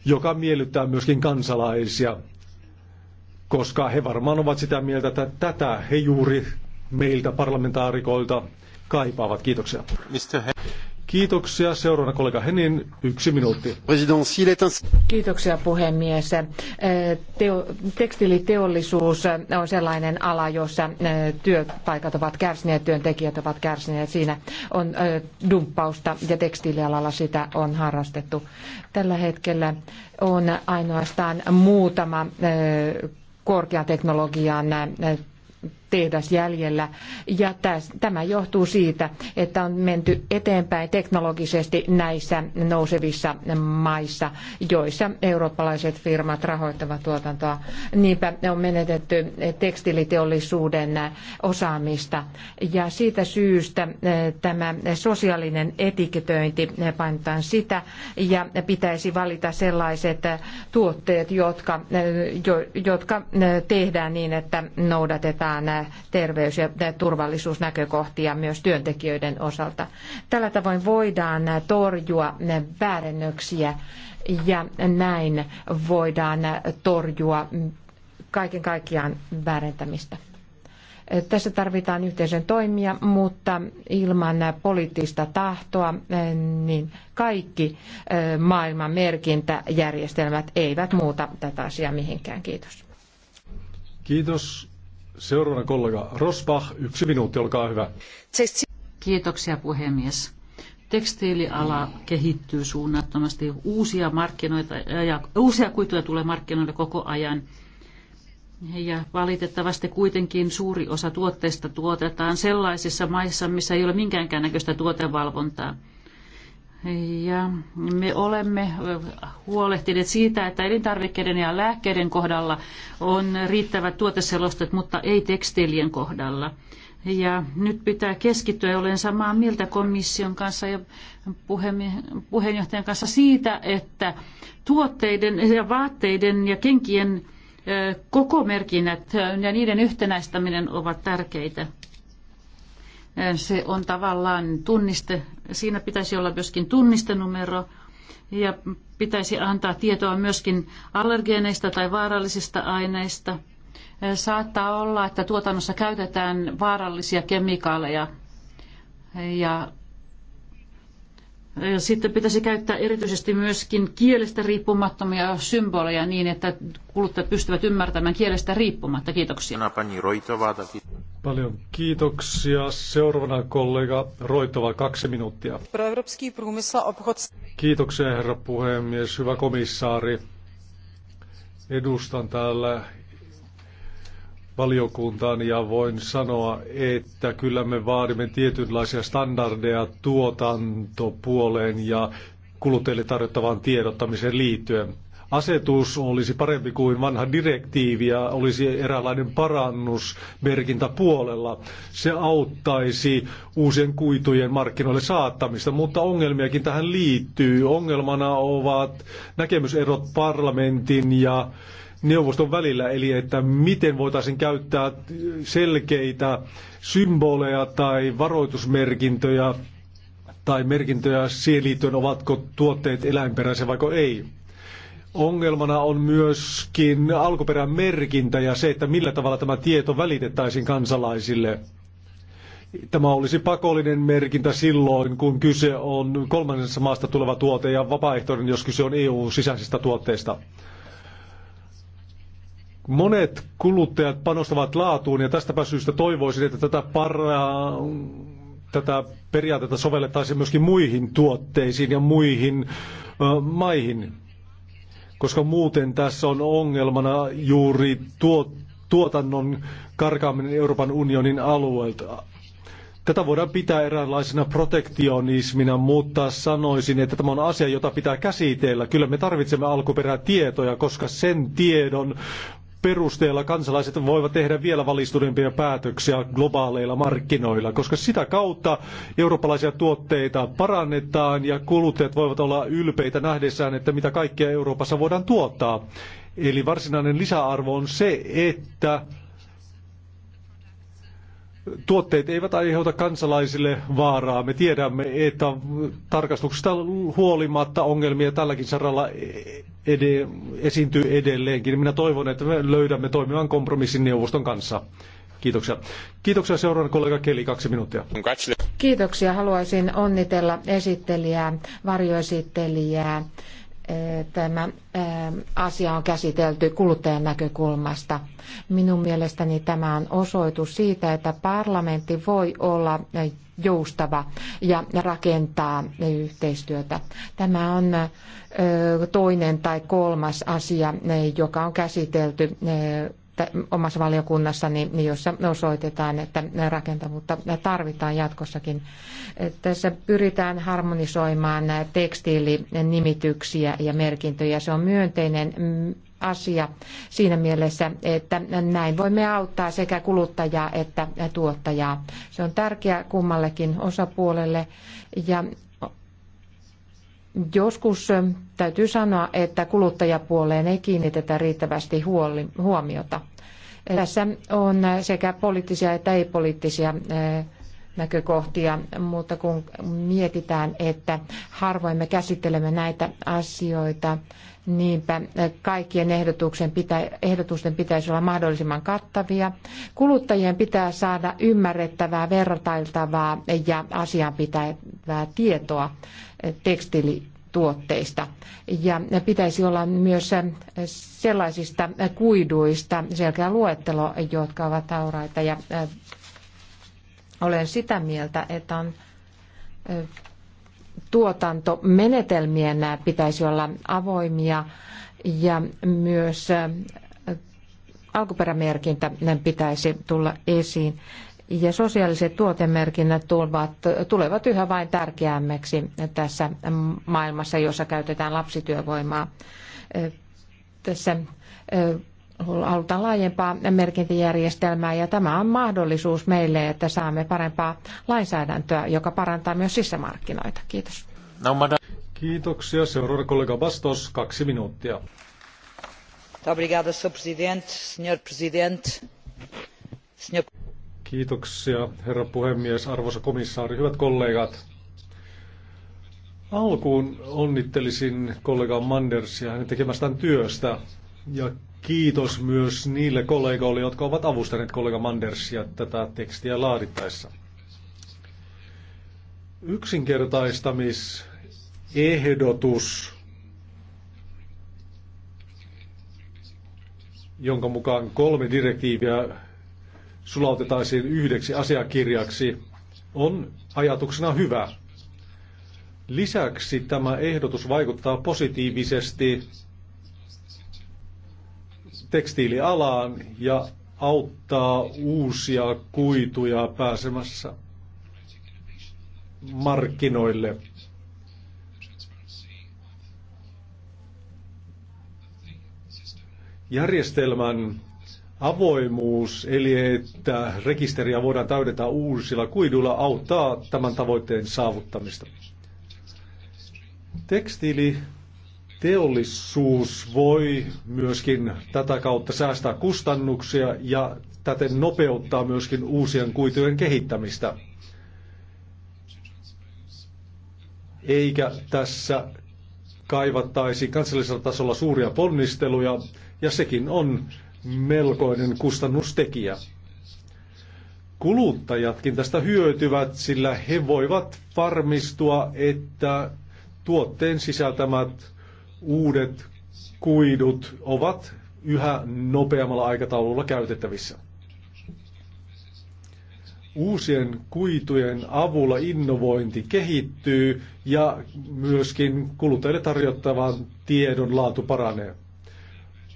joka miellyttää myöskin kansalaisia, koska he varmaan ovat sitä mieltä, että tätä he juuri meiltä parlamentaarikoilta kaipaavat. Kiitoksia. Kiitoksia. Seuraavana kollega Henin, yksi minuutti. Kiitoksia puhemies. Äh, teo, tekstiiliteollisuus on sellainen ala, jossa äh, työpaikat ovat kärsineet, työntekijät ovat kärsineet. Siinä on äh, dumppausta ja tekstiilialalla sitä on harrastettu. Tällä hetkellä on ainoastaan muutama korkean teknologian tehdasjäljellä Ja tämä johtuu siitä, että on menty eteenpäin teknologisesti näissä nousevissa maissa, joissa eurooppalaiset firmat rahoittavat tuotantoa. Niinpä on menetetty tekstiiliteollisuuden osaamista. Ja siitä syystä eh, tämä sosiaalinen etiketöinti painotaan sitä ja pitäisi valita sellaiset tuotteet, jotka, eh, jotka eh, tehdään niin, että noudatetaan terveys- ja turvallisuusnäkökohtia myös työntekijöiden osalta. Tällä tavoin voidaan torjua väärennöksiä ja näin voidaan torjua kaiken kaikkiaan väärentämistä. Tässä tarvitaan yhteisen toimia, mutta ilman poliittista tahtoa niin kaikki maailman merkintäjärjestelmät eivät muuta tätä asiaa mihinkään. Kiitos. Kiitos. Seuraavana kollega Rosbach, yksi minuutti, olkaa hyvä. Kiitoksia puhemies. Tekstiiliala kehittyy suunnattomasti. Uusia, markkinoita ja uusia kuituja tulee markkinoille koko ajan. Ja valitettavasti kuitenkin suuri osa tuotteista tuotetaan sellaisissa maissa, missä ei ole minkäänkään näköistä tuotevalvontaa. Ja me olemme huolehtineet siitä, että elintarvikkeiden ja lääkkeiden kohdalla on riittävät tuoteselostet, mutta ei tekstiilien kohdalla. Ja nyt pitää keskittyä, olen samaa mieltä komission kanssa ja puheenjohtajan kanssa siitä, että tuotteiden ja vaatteiden ja kenkien kokomerkinnät ja niiden yhtenäistäminen ovat tärkeitä. Se on tavallaan tunniste, siinä pitäisi olla myöskin tunnistenumero ja pitäisi antaa tietoa myöskin allergeneista tai vaarallisista aineista. Saattaa olla, että tuotannossa käytetään vaarallisia kemikaaleja ja sitten pitäisi käyttää erityisesti myöskin kielestä riippumattomia symboleja niin, että kuluttajat pystyvät ymmärtämään kielestä riippumatta. Kiitoksia. Paljon kiitoksia. Seuraavana kollega Roitova, kaksi minuuttia. Kiitoksia herra puhemies, hyvä komissaari. Edustan täällä valiokuntaan ja voin sanoa, että kyllä me vaadimme tietynlaisia standardeja tuotantopuoleen ja kuluttajille tarjottavaan tiedottamiseen liittyen. Asetus olisi parempi kuin vanha direktiivi ja olisi eräänlainen parannus merkintäpuolella. Se auttaisi uusien kuitujen markkinoille saattamista, mutta ongelmiakin tähän liittyy. Ongelmana ovat näkemyserot parlamentin ja neuvoston välillä, eli että miten voitaisiin käyttää selkeitä symboleja tai varoitusmerkintöjä tai merkintöjä siihen liittyen, ovatko tuotteet eläinperäisiä vai ei. Ongelmana on myöskin alkuperän merkintä ja se, että millä tavalla tämä tieto välitettäisiin kansalaisille. Tämä olisi pakollinen merkintä silloin, kun kyse on kolmannessa maasta tuleva tuote ja vapaaehtoinen, jos kyse on EU-sisäisistä tuotteista. Monet kuluttajat panostavat laatuun ja tästäpä syystä toivoisin, että tätä, paraa tätä periaatetta sovellettaisiin myöskin muihin tuotteisiin ja muihin ö, maihin, koska muuten tässä on ongelmana juuri tuo, tuotannon karkaaminen Euroopan unionin alueelta. Tätä voidaan pitää eräänlaisena protektionismina, mutta sanoisin, että tämä on asia, jota pitää käsitellä. Kyllä me tarvitsemme alkuperätietoja, koska sen tiedon perusteella kansalaiset voivat tehdä vielä valistuneempia päätöksiä globaaleilla markkinoilla, koska sitä kautta eurooppalaisia tuotteita parannetaan ja kuluttajat voivat olla ylpeitä nähdessään, että mitä kaikkea Euroopassa voidaan tuottaa. Eli varsinainen lisäarvo on se, että tuotteet eivät aiheuta kansalaisille vaaraa. Me tiedämme, että tarkastuksesta huolimatta ongelmia tälläkin saralla ed- esiintyy edelleenkin. Minä toivon, että me löydämme toimivan kompromissin neuvoston kanssa. Kiitoksia. Kiitoksia seuraavan kollega Keli, kaksi minuuttia. Kiitoksia. Haluaisin onnitella esittelijää, varjoesittelijää tämä ähm, asia on käsitelty kuluttajan näkökulmasta. Minun mielestäni tämä on osoitus siitä, että parlamentti voi olla äh, joustava ja rakentaa äh, yhteistyötä. Tämä on äh, toinen tai kolmas asia, joka on käsitelty omassa valiokunnassani, jossa osoitetaan, että rakentavuutta tarvitaan jatkossakin. Tässä pyritään harmonisoimaan tekstiilinimityksiä ja merkintöjä. Se on myönteinen mm, asia siinä mielessä, että näin voimme auttaa sekä kuluttajaa että tuottajaa. Se on tärkeä kummallekin osapuolelle ja Joskus täytyy sanoa, että kuluttajapuoleen ei kiinnitetä riittävästi huomiota. Tässä on sekä poliittisia että ei-poliittisia näkökohtia, mutta kun mietitään, että harvoin me käsittelemme näitä asioita, niinpä kaikkien ehdotuksen pitä, ehdotusten pitäisi olla mahdollisimman kattavia. Kuluttajien pitää saada ymmärrettävää, vertailtavaa ja asiaan pitävää tietoa tekstiili tuotteista. Ja pitäisi olla myös sellaisista kuiduista selkeä luettelo, jotka ovat hauraita. Ja olen sitä mieltä, että on tuotantomenetelmien pitäisi olla avoimia ja myös alkuperämerkintä pitäisi tulla esiin ja sosiaaliset tuotemerkinnät tulevat yhä vain tärkeämmäksi tässä maailmassa, jossa käytetään lapsityövoimaa. Tässä eh, halutaan laajempaa merkintäjärjestelmää ja tämä on mahdollisuus meille, että saamme parempaa lainsäädäntöä, joka parantaa myös sisämarkkinoita. Kiitos. No, Kiitoksia. Seuraava kollega Bastos, kaksi minuuttia. Obrigada, Sr. presidente, senhor presidente. Senhor... Kiitoksia, herra puhemies, arvoisa komissaari, hyvät kollegat. Alkuun onnittelisin kollega Mandersia hänen tekemästään työstä ja kiitos myös niille kollegoille, jotka ovat avustaneet kollega Mandersia tätä tekstiä laadittaessa. Yksinkertaistamisehdotus, jonka mukaan kolme direktiiviä sulautetaisiin yhdeksi asiakirjaksi, on ajatuksena hyvä. Lisäksi tämä ehdotus vaikuttaa positiivisesti tekstiilialaan ja auttaa uusia kuituja pääsemässä markkinoille. Järjestelmän Avoimuus, eli että rekisteriä voidaan täydentää uusilla kuiduilla, auttaa tämän tavoitteen saavuttamista. Tekstiili teollisuus voi myöskin tätä kautta säästää kustannuksia ja täten nopeuttaa myöskin uusien kuitujen kehittämistä. Eikä tässä kaivattaisi kansallisella tasolla suuria ponnisteluja, ja sekin on melkoinen kustannustekijä. Kuluttajatkin tästä hyötyvät, sillä he voivat varmistua, että tuotteen sisältämät uudet kuidut ovat yhä nopeammalla aikataululla käytettävissä. Uusien kuitujen avulla innovointi kehittyy ja myöskin kuluttajille tarjottavan tiedon laatu paranee.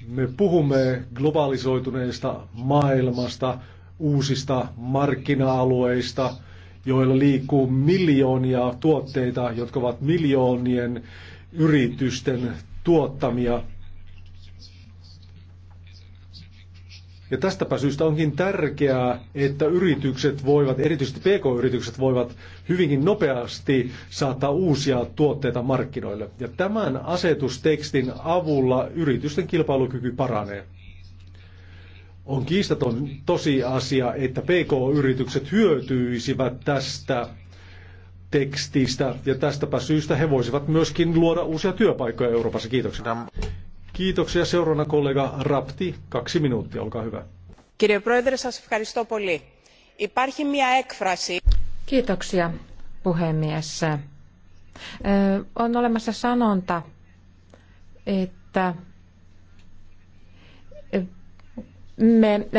Me puhumme globalisoituneesta maailmasta, uusista markkina-alueista, joilla liikkuu miljoonia tuotteita, jotka ovat miljoonien yritysten tuottamia Ja tästäpä syystä onkin tärkeää, että yritykset voivat, erityisesti PK-yritykset voivat hyvinkin nopeasti saattaa uusia tuotteita markkinoille. Ja tämän asetustekstin avulla yritysten kilpailukyky paranee. On kiistaton tosiasia, että PK-yritykset hyötyisivät tästä tekstistä ja tästäpä syystä he voisivat myöskin luoda uusia työpaikkoja Euroopassa. Kiitoksia. Kiitoksia seurana kollega Rapti. Kaksi minuuttia, olkaa hyvä. Κύριε Πρόεδρε, ευχαριστώ πολύ. Υπάρχει μια έκφραση. Kiitoksia, puhemies. On olemassa sanonta, että me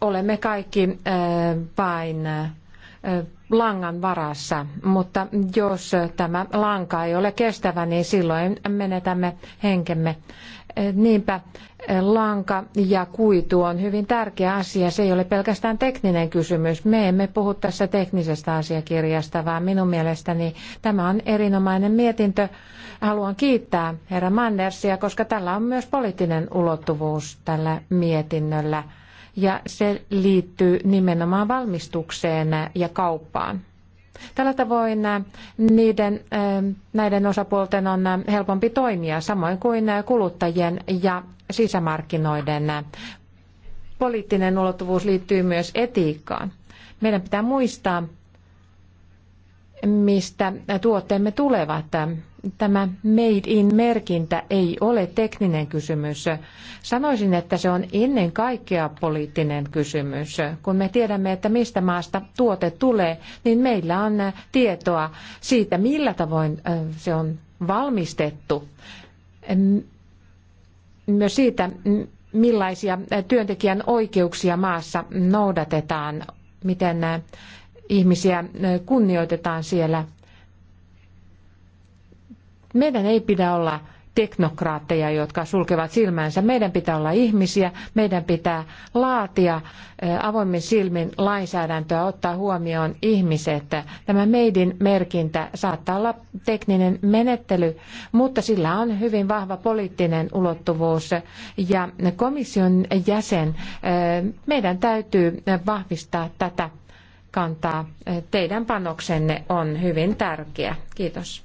olemme kaikki vain langan varassa, mutta jos tämä lanka ei ole kestävä, niin silloin menetämme henkemme. Niinpä lanka ja kuitu on hyvin tärkeä asia. Se ei ole pelkästään tekninen kysymys. Me emme puhu tässä teknisestä asiakirjasta, vaan minun mielestäni tämä on erinomainen mietintö. Haluan kiittää herra Mandersia, koska tällä on myös poliittinen ulottuvuus tällä mietinnöllä ja se liittyy nimenomaan valmistukseen ja kauppaan. Tällä tavoin niiden, näiden osapuolten on helpompi toimia, samoin kuin kuluttajien ja sisämarkkinoiden. Poliittinen ulottuvuus liittyy myös etiikkaan. Meidän pitää muistaa, mistä tuotteemme tulevat tämä Made in-merkintä ei ole tekninen kysymys. Sanoisin, että se on ennen kaikkea poliittinen kysymys. Kun me tiedämme, että mistä maasta tuote tulee, niin meillä on tietoa siitä, millä tavoin se on valmistettu. Myös siitä, millaisia työntekijän oikeuksia maassa noudatetaan, miten ihmisiä kunnioitetaan siellä meidän ei pidä olla teknokraatteja, jotka sulkevat silmänsä. Meidän pitää olla ihmisiä, meidän pitää laatia avoimin silmin lainsäädäntöä, ottaa huomioon ihmiset. Tämä meidin merkintä saattaa olla tekninen menettely, mutta sillä on hyvin vahva poliittinen ulottuvuus. Ja komission jäsen, meidän täytyy vahvistaa tätä kantaa. Teidän panoksenne on hyvin tärkeä. Kiitos.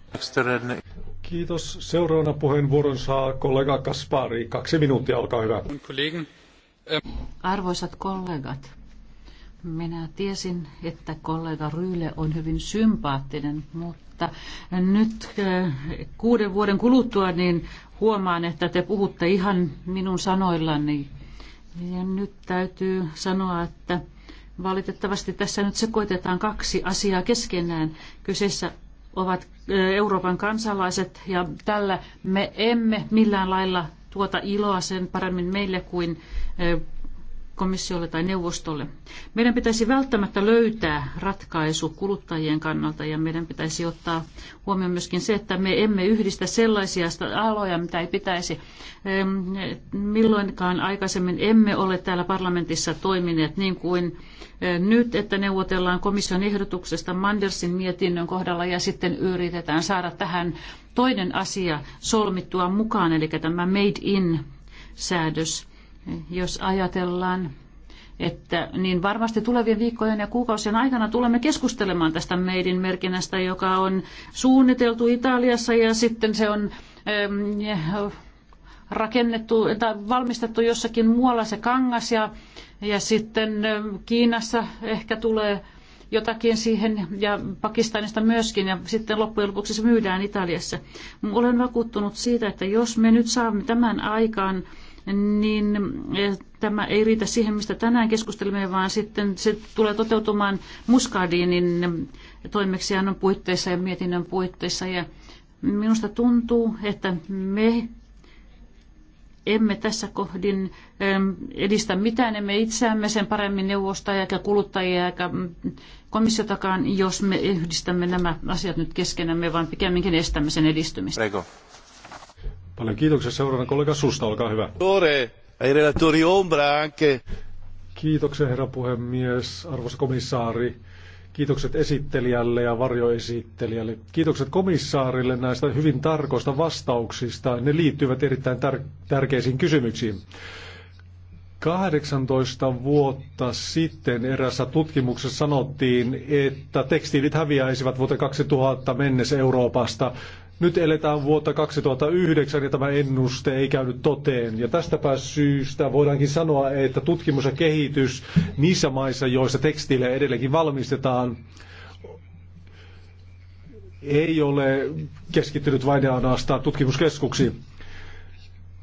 Kiitos. Seuraavana puheenvuoron saa kollega Kaspari. Kaksi minuuttia, olkaa hyvä. Arvoisat kollegat, minä tiesin, että kollega Ryyle on hyvin sympaattinen, mutta nyt eh, kuuden vuoden kuluttua niin huomaan, että te puhutte ihan minun sanoillani. Ja nyt täytyy sanoa, että valitettavasti tässä nyt sekoitetaan kaksi asiaa keskenään. Kyseessä ovat Euroopan kansalaiset ja tällä me emme millään lailla tuota iloa sen paremmin meille kuin komissiolle tai neuvostolle. Meidän pitäisi välttämättä löytää ratkaisu kuluttajien kannalta ja meidän pitäisi ottaa huomioon myöskin se, että me emme yhdistä sellaisia aloja, mitä ei pitäisi. Milloinkaan aikaisemmin emme ole täällä parlamentissa toimineet niin kuin e, nyt, että neuvotellaan komission ehdotuksesta Mandersin mietinnön kohdalla ja sitten yritetään saada tähän toinen asia solmittua mukaan, eli tämä Made in säädös. Jos ajatellaan, että niin varmasti tulevien viikkojen ja kuukausien aikana tulemme keskustelemaan tästä meidin merkinnästä, joka on suunniteltu Italiassa ja sitten se on ähm, rakennettu tai valmistettu jossakin muualla se kangas ja, ja sitten ähm, Kiinassa ehkä tulee jotakin siihen ja Pakistanista myöskin ja sitten loppujen lopuksi se myydään Italiassa. Olen vakuuttunut siitä, että jos me nyt saamme tämän aikaan niin eh, tämä ei riitä siihen, mistä tänään keskustelemme vaan sitten se tulee toteutumaan Muscardinin toimeksiannon puitteissa ja mietinnön puitteissa. Ja minusta tuntuu, että me emme tässä kohdin edistä mitään, emme itseämme sen paremmin neuvosta eikä kuluttajia eikä komissiotakaan, jos me yhdistämme nämä asiat nyt keskenämme, vaan pikemminkin estämme sen edistymistä. Reiko. Paljon kiitoksia. Seuraavana kollega Susta, olkaa hyvä. Kiitoksia herra puhemies, arvoisa komissaari. Kiitokset esittelijälle ja varjoesittelijälle. Kiitokset komissaarille näistä hyvin tarkoista vastauksista. Ne liittyvät erittäin tär- tärkeisiin kysymyksiin. 18 vuotta sitten erässä tutkimuksessa sanottiin, että tekstiilit häviäisivät vuoteen 2000 mennessä Euroopasta. Nyt eletään vuotta 2009 ja tämä ennuste ei käynyt toteen. Ja tästäpä syystä voidaankin sanoa, että tutkimus ja kehitys niissä maissa, joissa tekstiilejä edelleenkin valmistetaan, ei ole keskittynyt vain ja ainoastaan tutkimuskeskuksiin.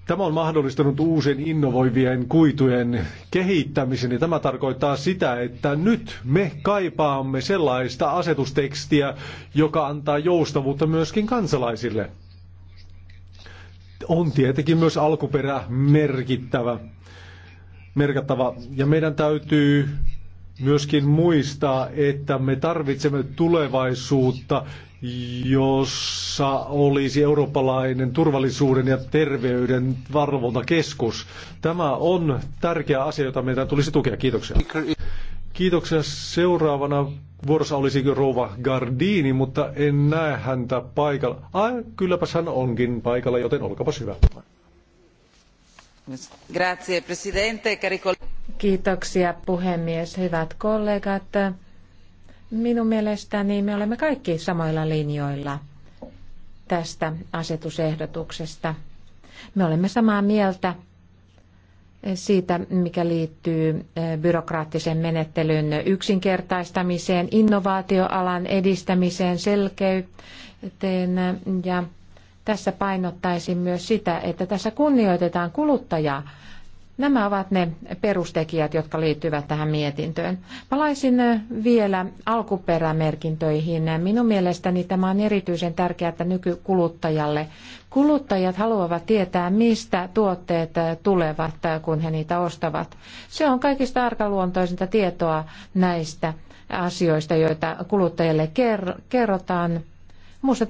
Tämä on mahdollistanut uusien innovoivien kuitujen kehittämisen ja tämä tarkoittaa sitä, että nyt me kaipaamme sellaista asetustekstiä, joka antaa joustavuutta myöskin kansalaisille. On tietenkin myös alkuperä merkittävä, merkittävä ja meidän täytyy myöskin muistaa, että me tarvitsemme tulevaisuutta, jossa olisi eurooppalainen turvallisuuden ja terveyden varvontakeskus. Tämä on tärkeä asia, jota meidän tulisi tukea. Kiitoksia. Kiitoksia. Seuraavana vuorossa olisi rouva Gardini, mutta en näe häntä paikalla. Ai, kylläpäs hän onkin paikalla, joten olkapa hyvä. Grazie, presidente, cari Kiitoksia puhemies, hyvät kollegat. Minun mielestäni me olemme kaikki samoilla linjoilla tästä asetusehdotuksesta. Me olemme samaa mieltä siitä, mikä liittyy eh, byrokraattisen menettelyn yksinkertaistamiseen, innovaatioalan edistämiseen, selkeyteen ja tässä painottaisin myös sitä, että tässä kunnioitetaan kuluttajaa Nämä ovat ne perustekijät, jotka liittyvät tähän mietintöön. Palaisin vielä alkuperämerkintöihin. Minun mielestäni tämä on erityisen tärkeää nykykuluttajalle. Kuluttajat haluavat tietää, mistä tuotteet tulevat, kun he niitä ostavat. Se on kaikista arkaluontoisinta tietoa näistä asioista, joita kuluttajille kerrotaan. Muussa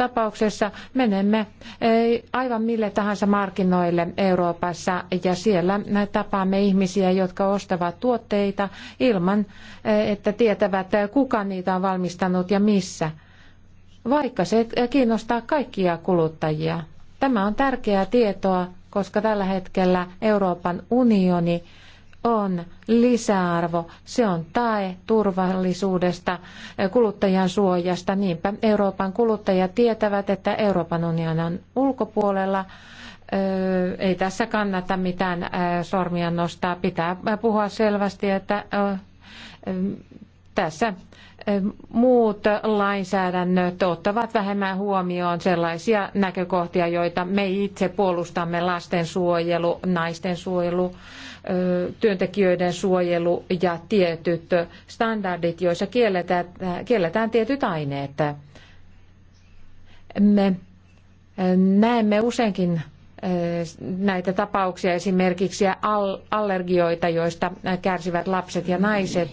tapauksessa menemme eh, aivan mille tahansa markkinoille Euroopassa ja siellä tapaamme ihmisiä, jotka ostavat tuotteita ilman, eh, että tietävät, eh, kuka niitä on valmistanut ja missä, vaikka se kiinnostaa kaikkia kuluttajia. Tämä on tärkeää tietoa, koska tällä hetkellä Euroopan unioni on lisäarvo. Se on tae turvallisuudesta, kuluttajan suojasta. Niinpä Euroopan kuluttajat tietävät, että Euroopan unionin ulkopuolella ei tässä kannata mitään sormia nostaa. Pitää puhua selvästi, että tässä muut lainsäädännöt ottavat vähemmän huomioon sellaisia näkökohtia, joita me itse puolustamme, lastensuojelu, naisten suojelu, työntekijöiden suojelu ja tietyt standardit, joissa kielletään, kielletään tietyt aineet. Me näemme useinkin näitä tapauksia, esimerkiksi allergioita, joista kärsivät lapset ja naiset.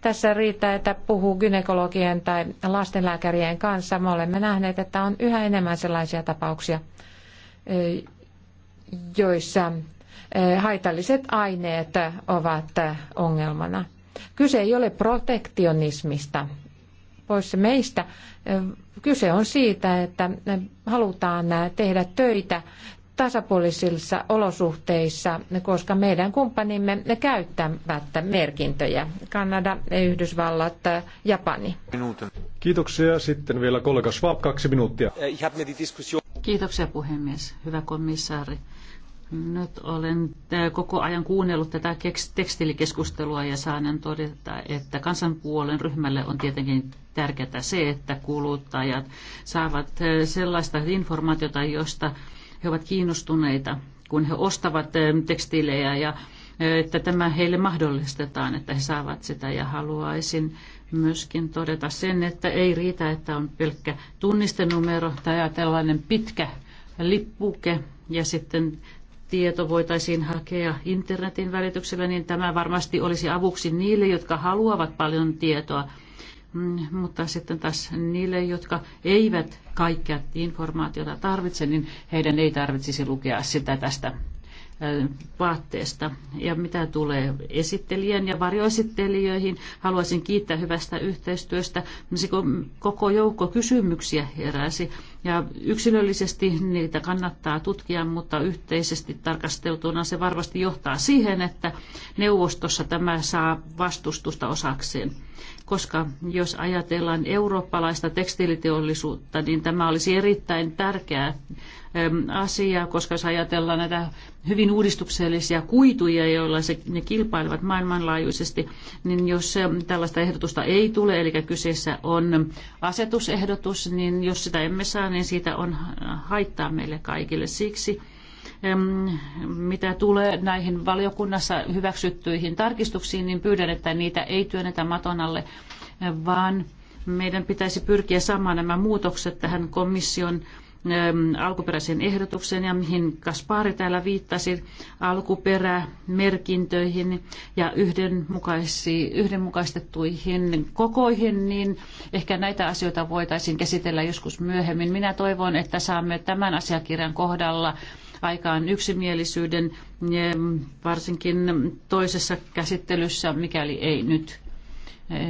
Tässä riittää, että puhuu gynekologien tai lastenlääkärien kanssa. Me olemme nähneet, että on yhä enemmän sellaisia tapauksia, joissa Eh, haitalliset aineet ovat eh, ongelmana. Kyse ei ole protektionismista pois meistä. Eh, kyse on siitä, että halutaan tehdä töitä tasapuolisissa olosuhteissa, koska meidän kumppanimme käyttävät merkintöjä. Kanada, Yhdysvallat, Japani. Kiitoksia. Sitten vielä kollega Schwab, kaksi minuuttia. Kiitoksia puhemies. Hyvä komissaari. Nyt olen äh, koko ajan kuunnellut tätä tekstilikeskustelua ja saanen todeta, että kansanpuolen ryhmälle on tietenkin tärkeää se, että kuluttajat saavat äh, sellaista informaatiota, josta he ovat kiinnostuneita, kun he ostavat äh, tekstiilejä ja että tämä heille mahdollistetaan, että he saavat sitä ja haluaisin myöskin todeta sen, että ei riitä, että on pelkkä tunnistenumero tai tällainen pitkä lippuke ja sitten tieto voitaisiin hakea internetin välityksellä, niin tämä varmasti olisi avuksi niille, jotka haluavat paljon tietoa, mm, mutta sitten taas niille, jotka eivät kaikkea informaatiota tarvitse, niin heidän ei tarvitsisi lukea sitä tästä vaatteesta. Ja mitä tulee esittelijän ja varjoesittelijöihin, haluaisin kiittää hyvästä yhteistyöstä. Koko joukko kysymyksiä heräsi ja yksilöllisesti niitä kannattaa tutkia, mutta yhteisesti tarkasteltuna se varmasti johtaa siihen, että neuvostossa tämä saa vastustusta osakseen koska jos ajatellaan eurooppalaista tekstiiliteollisuutta, niin tämä olisi erittäin tärkeä asia, koska jos ajatellaan näitä hyvin uudistuksellisia kuituja, joilla se, ne kilpailevat maailmanlaajuisesti, niin jos tällaista ehdotusta ei tule, eli kyseessä on asetusehdotus, niin jos sitä emme saa, niin siitä on haittaa meille kaikille. Siksi mitä tulee näihin valiokunnassa hyväksyttyihin tarkistuksiin, niin pyydän, että niitä ei työnnetä maton alle, vaan meidän pitäisi pyrkiä saamaan nämä muutokset tähän komission alkuperäiseen ehdotukseen ja mihin Kaspari täällä viittasi alkuperämerkintöihin ja yhdenmukaistettuihin kokoihin, niin ehkä näitä asioita voitaisiin käsitellä joskus myöhemmin. Minä toivon, että saamme tämän asiakirjan kohdalla aikaan yksimielisyyden varsinkin toisessa käsittelyssä, mikäli ei nyt.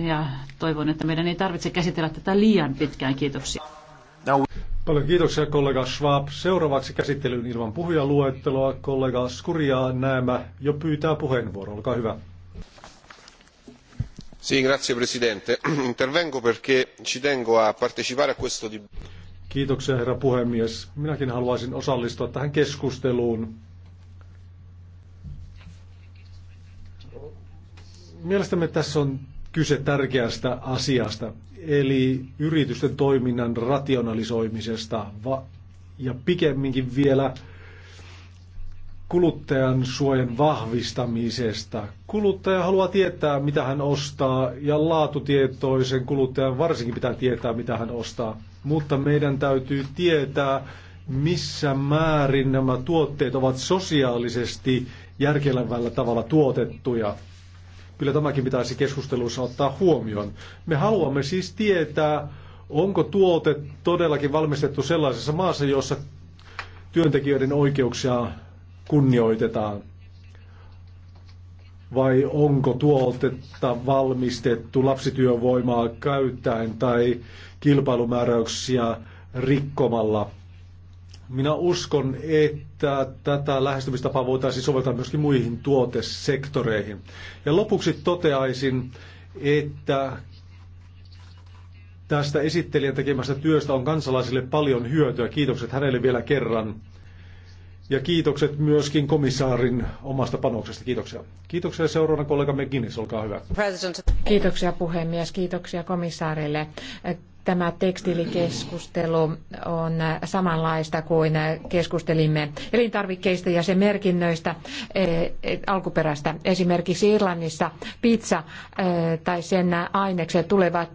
Ja toivon, että meidän ei tarvitse käsitellä tätä liian pitkään. Kiitoksia. Paljon kiitoksia kollega Schwab. Seuraavaksi käsittelyyn ilman puhujaluetteloa kollega Skuria Näämä jo pyytää puheenvuoron. Olkaa hyvä. Sì, grazie Presidente. Intervengo perché ci tengo a partecipare a questo dibattito Kiitoksia herra puhemies. Minäkin haluaisin osallistua tähän keskusteluun. Mielestämme tässä on kyse tärkeästä asiasta, eli yritysten toiminnan rationalisoimisesta ja pikemminkin vielä kuluttajan suojan vahvistamisesta. Kuluttaja haluaa tietää, mitä hän ostaa, ja laatutietoisen kuluttajan varsinkin pitää tietää, mitä hän ostaa mutta meidän täytyy tietää, missä määrin nämä tuotteet ovat sosiaalisesti järkevällä tavalla tuotettuja. Kyllä tämäkin pitäisi keskustelussa ottaa huomioon. Me haluamme siis tietää, onko tuote todellakin valmistettu sellaisessa maassa, jossa työntekijöiden oikeuksia kunnioitetaan vai onko tuotetta valmistettu lapsityövoimaa käyttäen tai kilpailumääräyksiä rikkomalla. Minä uskon, että tätä lähestymistapaa voitaisiin soveltaa myöskin muihin tuotesektoreihin. Ja lopuksi toteaisin, että tästä esittelijän tekemästä työstä on kansalaisille paljon hyötyä. Kiitokset hänelle vielä kerran. Ja kiitokset myöskin komissaarin omasta panoksesta. Kiitoksia. Kiitoksia seuraavana kollegamme Guinness, olkaa hyvä. Kiitoksia puhemies, kiitoksia komissaarille tämä tekstiilikeskustelu on samanlaista kuin keskustelimme elintarvikkeista ja sen merkinnöistä e, e, alkuperästä. Esimerkiksi Irlannissa pizza e, tai sen ainekset tulevat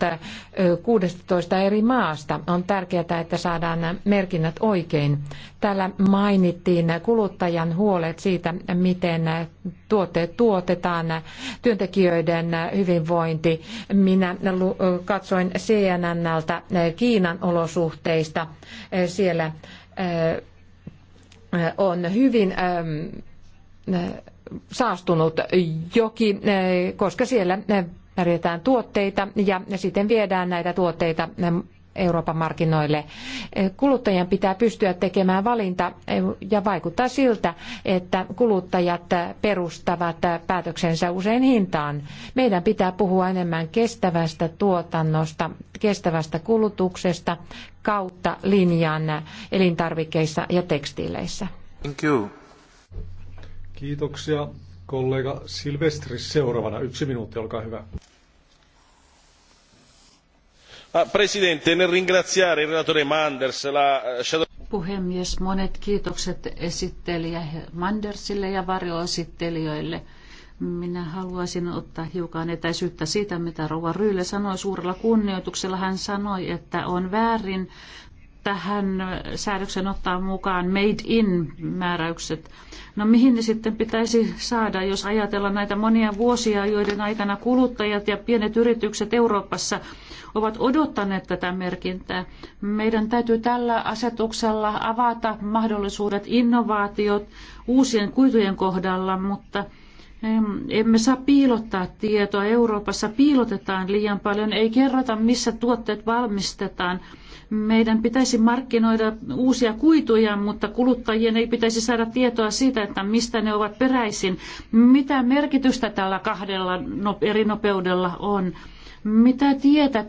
16 eri maasta. On tärkeää, että saadaan merkinnät oikein. Täällä mainittiin kuluttajan huolet siitä, miten tuotteet tuotetaan, työntekijöiden hyvinvointi. Minä katsoin CNN toisaalta eh, Kiinan olosuhteista. Eh, siellä eh, on hyvin ehm, saastunut joki, koska siellä pärjätään tuotteita ja siten viedään näitä tuotteita Euroopan markkinoille. Kuluttajien pitää pystyä tekemään valinta ja vaikuttaa siltä, että kuluttajat perustavat päätöksensä usein hintaan. Meidän pitää puhua enemmän kestävästä tuotannosta, kestävästä kulutuksesta kautta linjan elintarvikkeissa ja tekstiileissä. Thank you. Kiitoksia. Kollega Silvestri seuraavana. Yksi minuutti, olkaa hyvä. Ah, presidente, nel ringraziare il relatore Manders, la eh, Puhemies, monet kiitokset esittelijä Mandersille ja varjoesittelijöille. Minä haluaisin ottaa hiukan etäisyyttä siitä, mitä Rouva Ryyle sanoi suurella kunnioituksella. Hän sanoi, että on väärin tähän säädöksen ottaa mukaan made in määräykset. No mihin ne sitten pitäisi saada, jos ajatellaan näitä monia vuosia, joiden aikana kuluttajat ja pienet yritykset Euroopassa ovat odottaneet tätä merkintää. Meidän täytyy tällä asetuksella avata mahdollisuudet innovaatiot uusien kuitujen kohdalla, mutta emme saa piilottaa tietoa. Euroopassa piilotetaan liian paljon, ei kerrota missä tuotteet valmistetaan. Meidän pitäisi markkinoida uusia kuituja, mutta kuluttajien ei pitäisi saada tietoa siitä, että mistä ne ovat peräisin. Mitä merkitystä tällä kahdella no, eri nopeudella on? Mitä tietä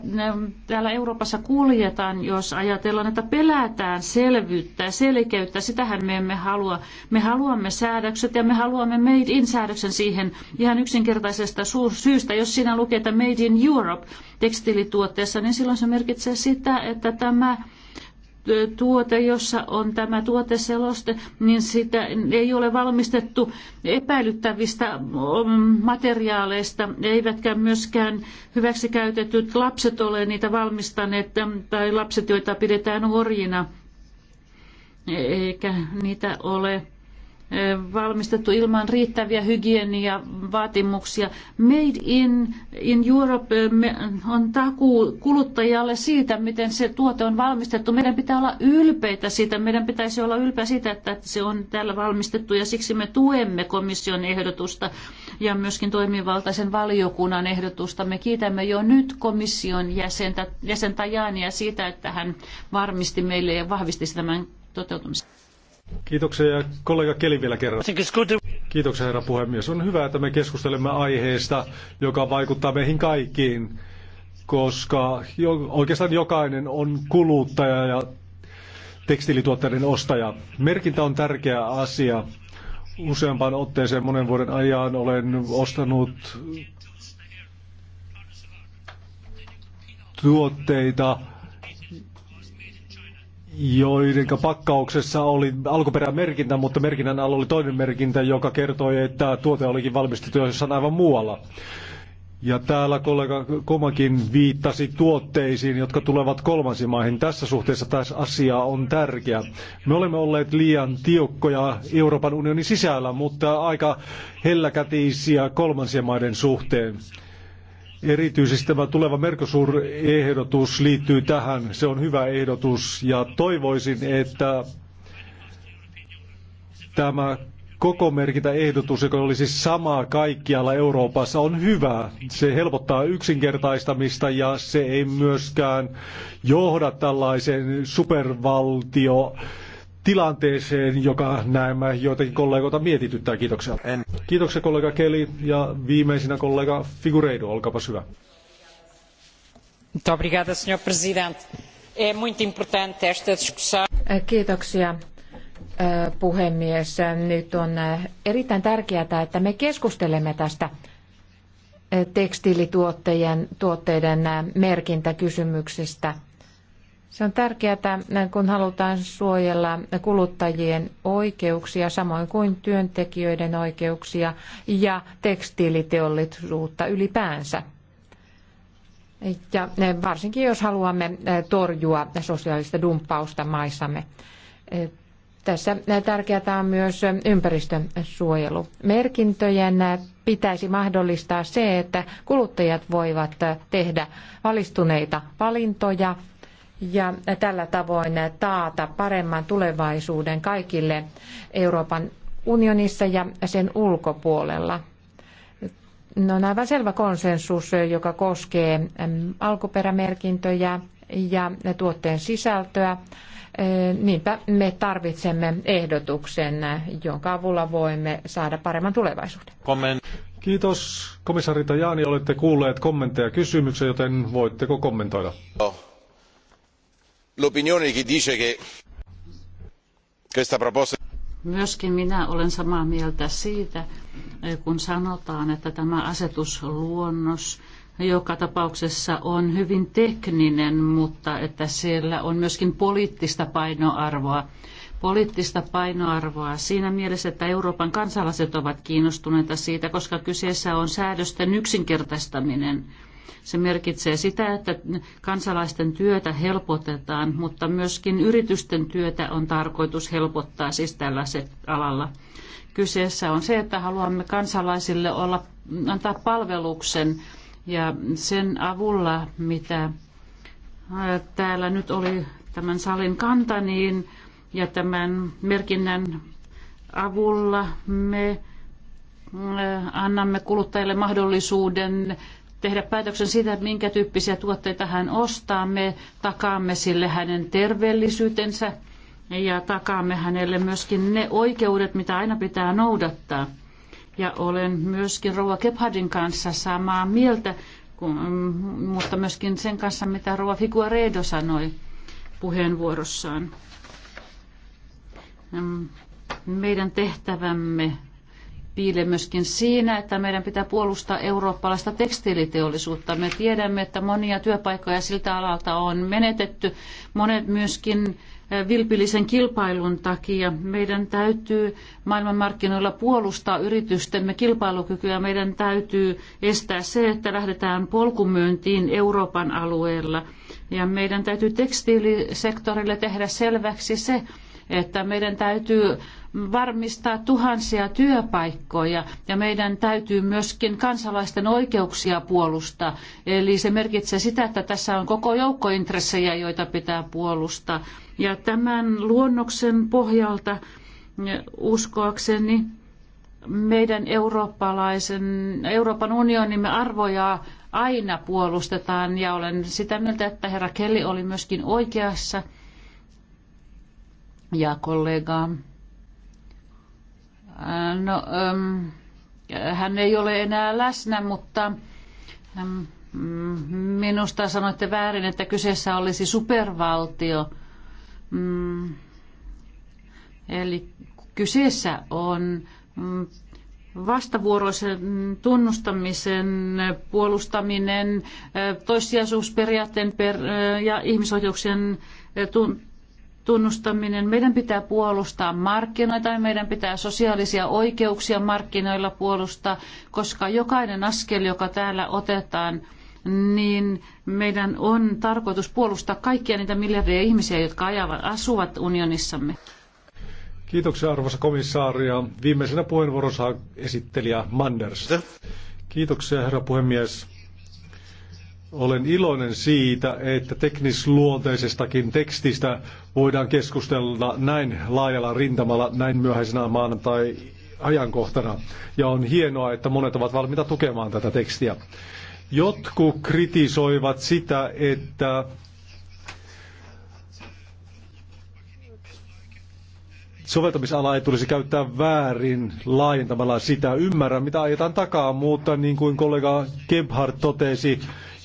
täällä Euroopassa kuljetaan, jos ajatellaan, että pelätään selvyyttä ja selkeyttä? Sitähän me emme halua. Me haluamme säädökset ja me haluamme made in säädöksen siihen ihan yksinkertaisesta syystä. Jos siinä lukee, että made in Europe tekstilituotteessa, niin silloin se merkitsee sitä, että tämä tuote, jossa on tämä tuoteseloste, niin sitä ei ole valmistettu epäilyttävistä mm, materiaaleista, eivätkä myöskään hyväksikäytetyt lapset ole niitä valmistaneet mm, tai lapset, joita pidetään orjina, eikä niitä ole valmistettu ilman riittäviä hygieniavaatimuksia. Made in, in Europe on takuu kuluttajalle siitä, miten se tuote on valmistettu. Meidän pitää olla ylpeitä siitä. Meidän pitäisi olla ylpeä siitä, että se on täällä valmistettu ja siksi me tuemme komission ehdotusta ja myöskin toimivaltaisen valiokunnan ehdotusta. Me kiitämme jo nyt komission jäsentä, jäsentä Jaania siitä, että hän varmisti meille ja vahvisti tämän toteutumisen. Kiitoksia ja kollega Keli vielä kerran. Kiitoksia herra puhemies. On hyvä, että me keskustelemme aiheesta, joka vaikuttaa meihin kaikkiin, koska jo, oikeastaan jokainen on kuluttaja ja tekstiilituotteiden ostaja. Merkintä on tärkeä asia. Useampaan otteeseen monen vuoden ajan olen ostanut tuotteita joiden pakkauksessa oli alkuperämerkintä, mutta merkinnän alla oli toinen merkintä, joka kertoi, että tuote olikin valmistettu jossain aivan muualla. Ja täällä kollega Komakin viittasi tuotteisiin, jotka tulevat kolmansiin maihin. Tässä suhteessa tässä asia on tärkeä. Me olemme olleet liian tiukkoja Euroopan unionin sisällä, mutta aika helläkätisiä kolmansien maiden suhteen. Erityisesti tämä tuleva Mercosur-ehdotus liittyy tähän. Se on hyvä ehdotus ja toivoisin, että tämä koko merkintäehdotus, joka olisi sama kaikkialla Euroopassa, on hyvä. Se helpottaa yksinkertaistamista ja se ei myöskään johda tällaisen supervaltio tilanteeseen, joka näemmä joitakin kollegoita mietityttää. Kiitoksia. En. Kiitoksia kollega Keli ja viimeisinä kollega Figureido, olkaapa hyvä. Kiitoksia puhemies. Nyt on erittäin tärkeää, että me keskustelemme tästä tekstiilituotteiden tuotteiden merkintäkysymyksistä – se on tärkeää, kun halutaan suojella kuluttajien oikeuksia, samoin kuin työntekijöiden oikeuksia ja tekstiiliteollisuutta ylipäänsä. Ja varsinkin jos haluamme torjua sosiaalista dumppausta maissamme. Tässä tärkeää on myös ympäristön suojelu. Merkintöjen pitäisi mahdollistaa se, että kuluttajat voivat tehdä valistuneita valintoja ja tällä tavoin taata paremman tulevaisuuden kaikille Euroopan unionissa ja sen ulkopuolella. No, on aivan selvä konsensus, joka koskee alkuperämerkintöjä ja tuotteen sisältöä. Niinpä me tarvitsemme ehdotuksen, jonka avulla voimme saada paremman tulevaisuuden. Komment. Kiitos komissaari Tajani, olette kuulleet kommentteja ja kysymyksiä, joten voitteko kommentoida? Oh l'opinione di chi dice che questa proposta Myöskin minä olen samaa mieltä siitä, eh, kun sanotaan, että tämä asetusluonnos joka tapauksessa on hyvin tekninen, mutta että siellä on myöskin poliittista painoarvoa. Poliittista painoarvoa siinä mielessä, että Euroopan kansalaiset ovat kiinnostuneita siitä, koska kyseessä on säädösten yksinkertaistaminen – se merkitsee sitä, että kansalaisten työtä helpotetaan, mutta myöskin yritysten työtä on tarkoitus helpottaa siis tällaiset alalla. Kyseessä on se, että haluamme kansalaisille olla, antaa palveluksen ja sen avulla, mitä äh, täällä nyt oli tämän salin kanta, niin ja tämän merkinnän avulla me äh, annamme kuluttajille mahdollisuuden tehdä päätöksen siitä, minkä tyyppisiä tuotteita hän ostaa. Me takaamme sille hänen terveellisyytensä ja takaamme hänelle myöskin ne oikeudet, mitä aina pitää noudattaa. Ja olen myöskin Rouva Gebhardin kanssa samaa mieltä, mutta myöskin sen kanssa, mitä Rouva Figuaredo sanoi puheenvuorossaan. Meidän tehtävämme piilee myöskin siinä, että meidän pitää puolustaa eurooppalaista tekstiiliteollisuutta. Me tiedämme, että monia työpaikkoja siltä alalta on menetetty, monet myöskin vilpillisen kilpailun takia. Meidän täytyy maailmanmarkkinoilla puolustaa yritystemme kilpailukykyä. Meidän täytyy estää se, että lähdetään polkumyyntiin Euroopan alueella. Ja meidän täytyy tekstiilisektorille tehdä selväksi se, että meidän täytyy varmistaa tuhansia työpaikkoja ja meidän täytyy myöskin kansalaisten oikeuksia puolustaa. Eli se merkitsee sitä, että tässä on koko joukko intressejä, joita pitää puolustaa. Ja tämän luonnoksen pohjalta uskoakseni meidän eurooppalaisen, Euroopan unionimme arvoja aina puolustetaan ja olen sitä mieltä, että herra Kelly oli myöskin oikeassa – ja kollegaa. Äh, no, ähm, hän ei ole enää läsnä, mutta ähm, mm, minusta sanoitte väärin, että kyseessä olisi supervaltio. Mm, eli kyseessä on mm, vastavuoroisen tunnustamisen puolustaminen, äh, toissijaisuusperiaatteen äh, ja ihmisoikeuksien tunnustaminen. Meidän pitää puolustaa markkinoita ja meidän pitää sosiaalisia oikeuksia markkinoilla puolustaa, koska jokainen askel, joka täällä otetaan, niin meidän on tarkoitus puolustaa kaikkia niitä miljardeja ihmisiä, jotka ajavat, asuvat unionissamme. Kiitoksia arvoisa komissaaria. Viimeisenä puheenvuorossa esittelijä Manders. Kiitoksia herra puhemies. Olen iloinen siitä, että teknisluonteisestakin tekstistä voidaan keskustella näin laajalla rintamalla näin myöhäisenä maanantai ajankohtana. Ja on hienoa, että monet ovat valmiita tukemaan tätä tekstiä. Jotkut kritisoivat sitä, että soveltamisalaa ei tulisi käyttää väärin laajentamalla sitä. Ymmärrän, mitä ajetaan takaa, mutta niin kuin kollega Gebhardt totesi,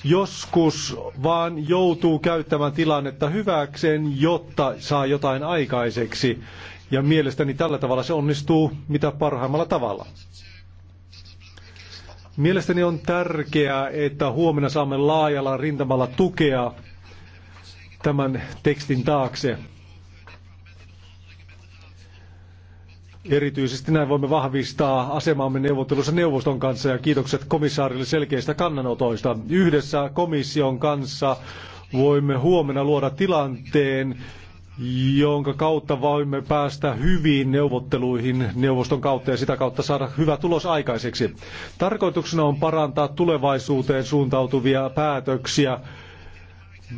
joskus vaan joutuu käyttämään tilannetta hyväkseen, jotta saa jotain aikaiseksi. Ja mielestäni tällä tavalla se onnistuu mitä parhaimmalla tavalla. Mielestäni on tärkeää, että huomenna saamme laajalla rintamalla tukea tämän tekstin taakse. Erityisesti näin voimme vahvistaa asemaamme neuvottelussa neuvoston kanssa ja kiitokset komissaarille selkeistä kannanotoista. Yhdessä komission kanssa voimme huomenna luoda tilanteen, jonka kautta voimme päästä hyviin neuvotteluihin neuvoston kautta ja sitä kautta saada hyvä tulos aikaiseksi. Tarkoituksena on parantaa tulevaisuuteen suuntautuvia päätöksiä.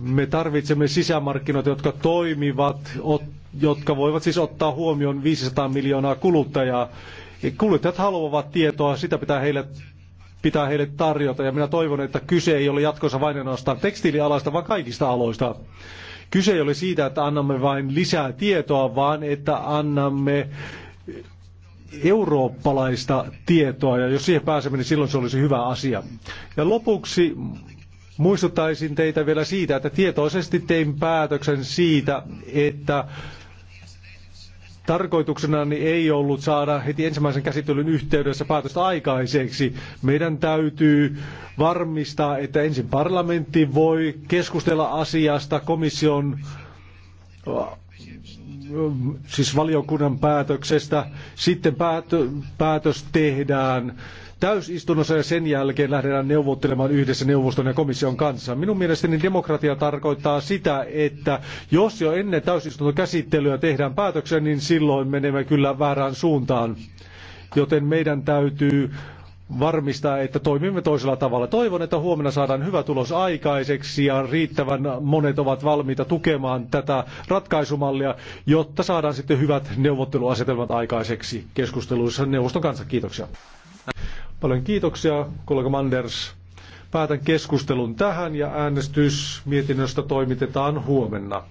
Me tarvitsemme sisämarkkinoita, jotka toimivat, ottavat jotka voivat siis ottaa huomioon 500 miljoonaa kuluttajaa. Kuluttajat haluavat tietoa, sitä pitää heille pitää heille tarjota. Ja minä toivon, että kyse ei ole jatkossa vain ainoastaan tekstiilialasta, vaan kaikista aloista. Kyse ei ole siitä, että annamme vain lisää tietoa, vaan että annamme eurooppalaista tietoa. Ja jos siihen pääsemme, niin silloin se olisi hyvä asia. Ja lopuksi Muistuttaisin teitä vielä siitä, että tietoisesti tein päätöksen siitä, että Tarkoituksenani ei ollut saada heti ensimmäisen käsittelyn yhteydessä päätöstä aikaiseksi. Meidän täytyy varmistaa, että ensin parlamentti voi keskustella asiasta komission äh, siis valiokunnan päätöksestä. Sitten päätö, päätös tehdään täysistunnossa ja sen jälkeen lähdetään neuvottelemaan yhdessä neuvoston ja komission kanssa. Minun mielestäni demokratia tarkoittaa sitä, että jos jo ennen täysistuntokäsittelyä tehdään päätöksiä, niin silloin menemme kyllä väärään suuntaan. Joten meidän täytyy varmistaa, että toimimme toisella tavalla. Toivon, että huomenna saadaan hyvä tulos aikaiseksi ja riittävän monet ovat valmiita tukemaan tätä ratkaisumallia, jotta saadaan sitten hyvät neuvotteluasetelmat aikaiseksi keskusteluissa neuvoston kanssa. Kiitoksia. Paljon kiitoksia, kollega Manders. Päätän keskustelun tähän ja äänestys mietinnöstä toimitetaan huomenna.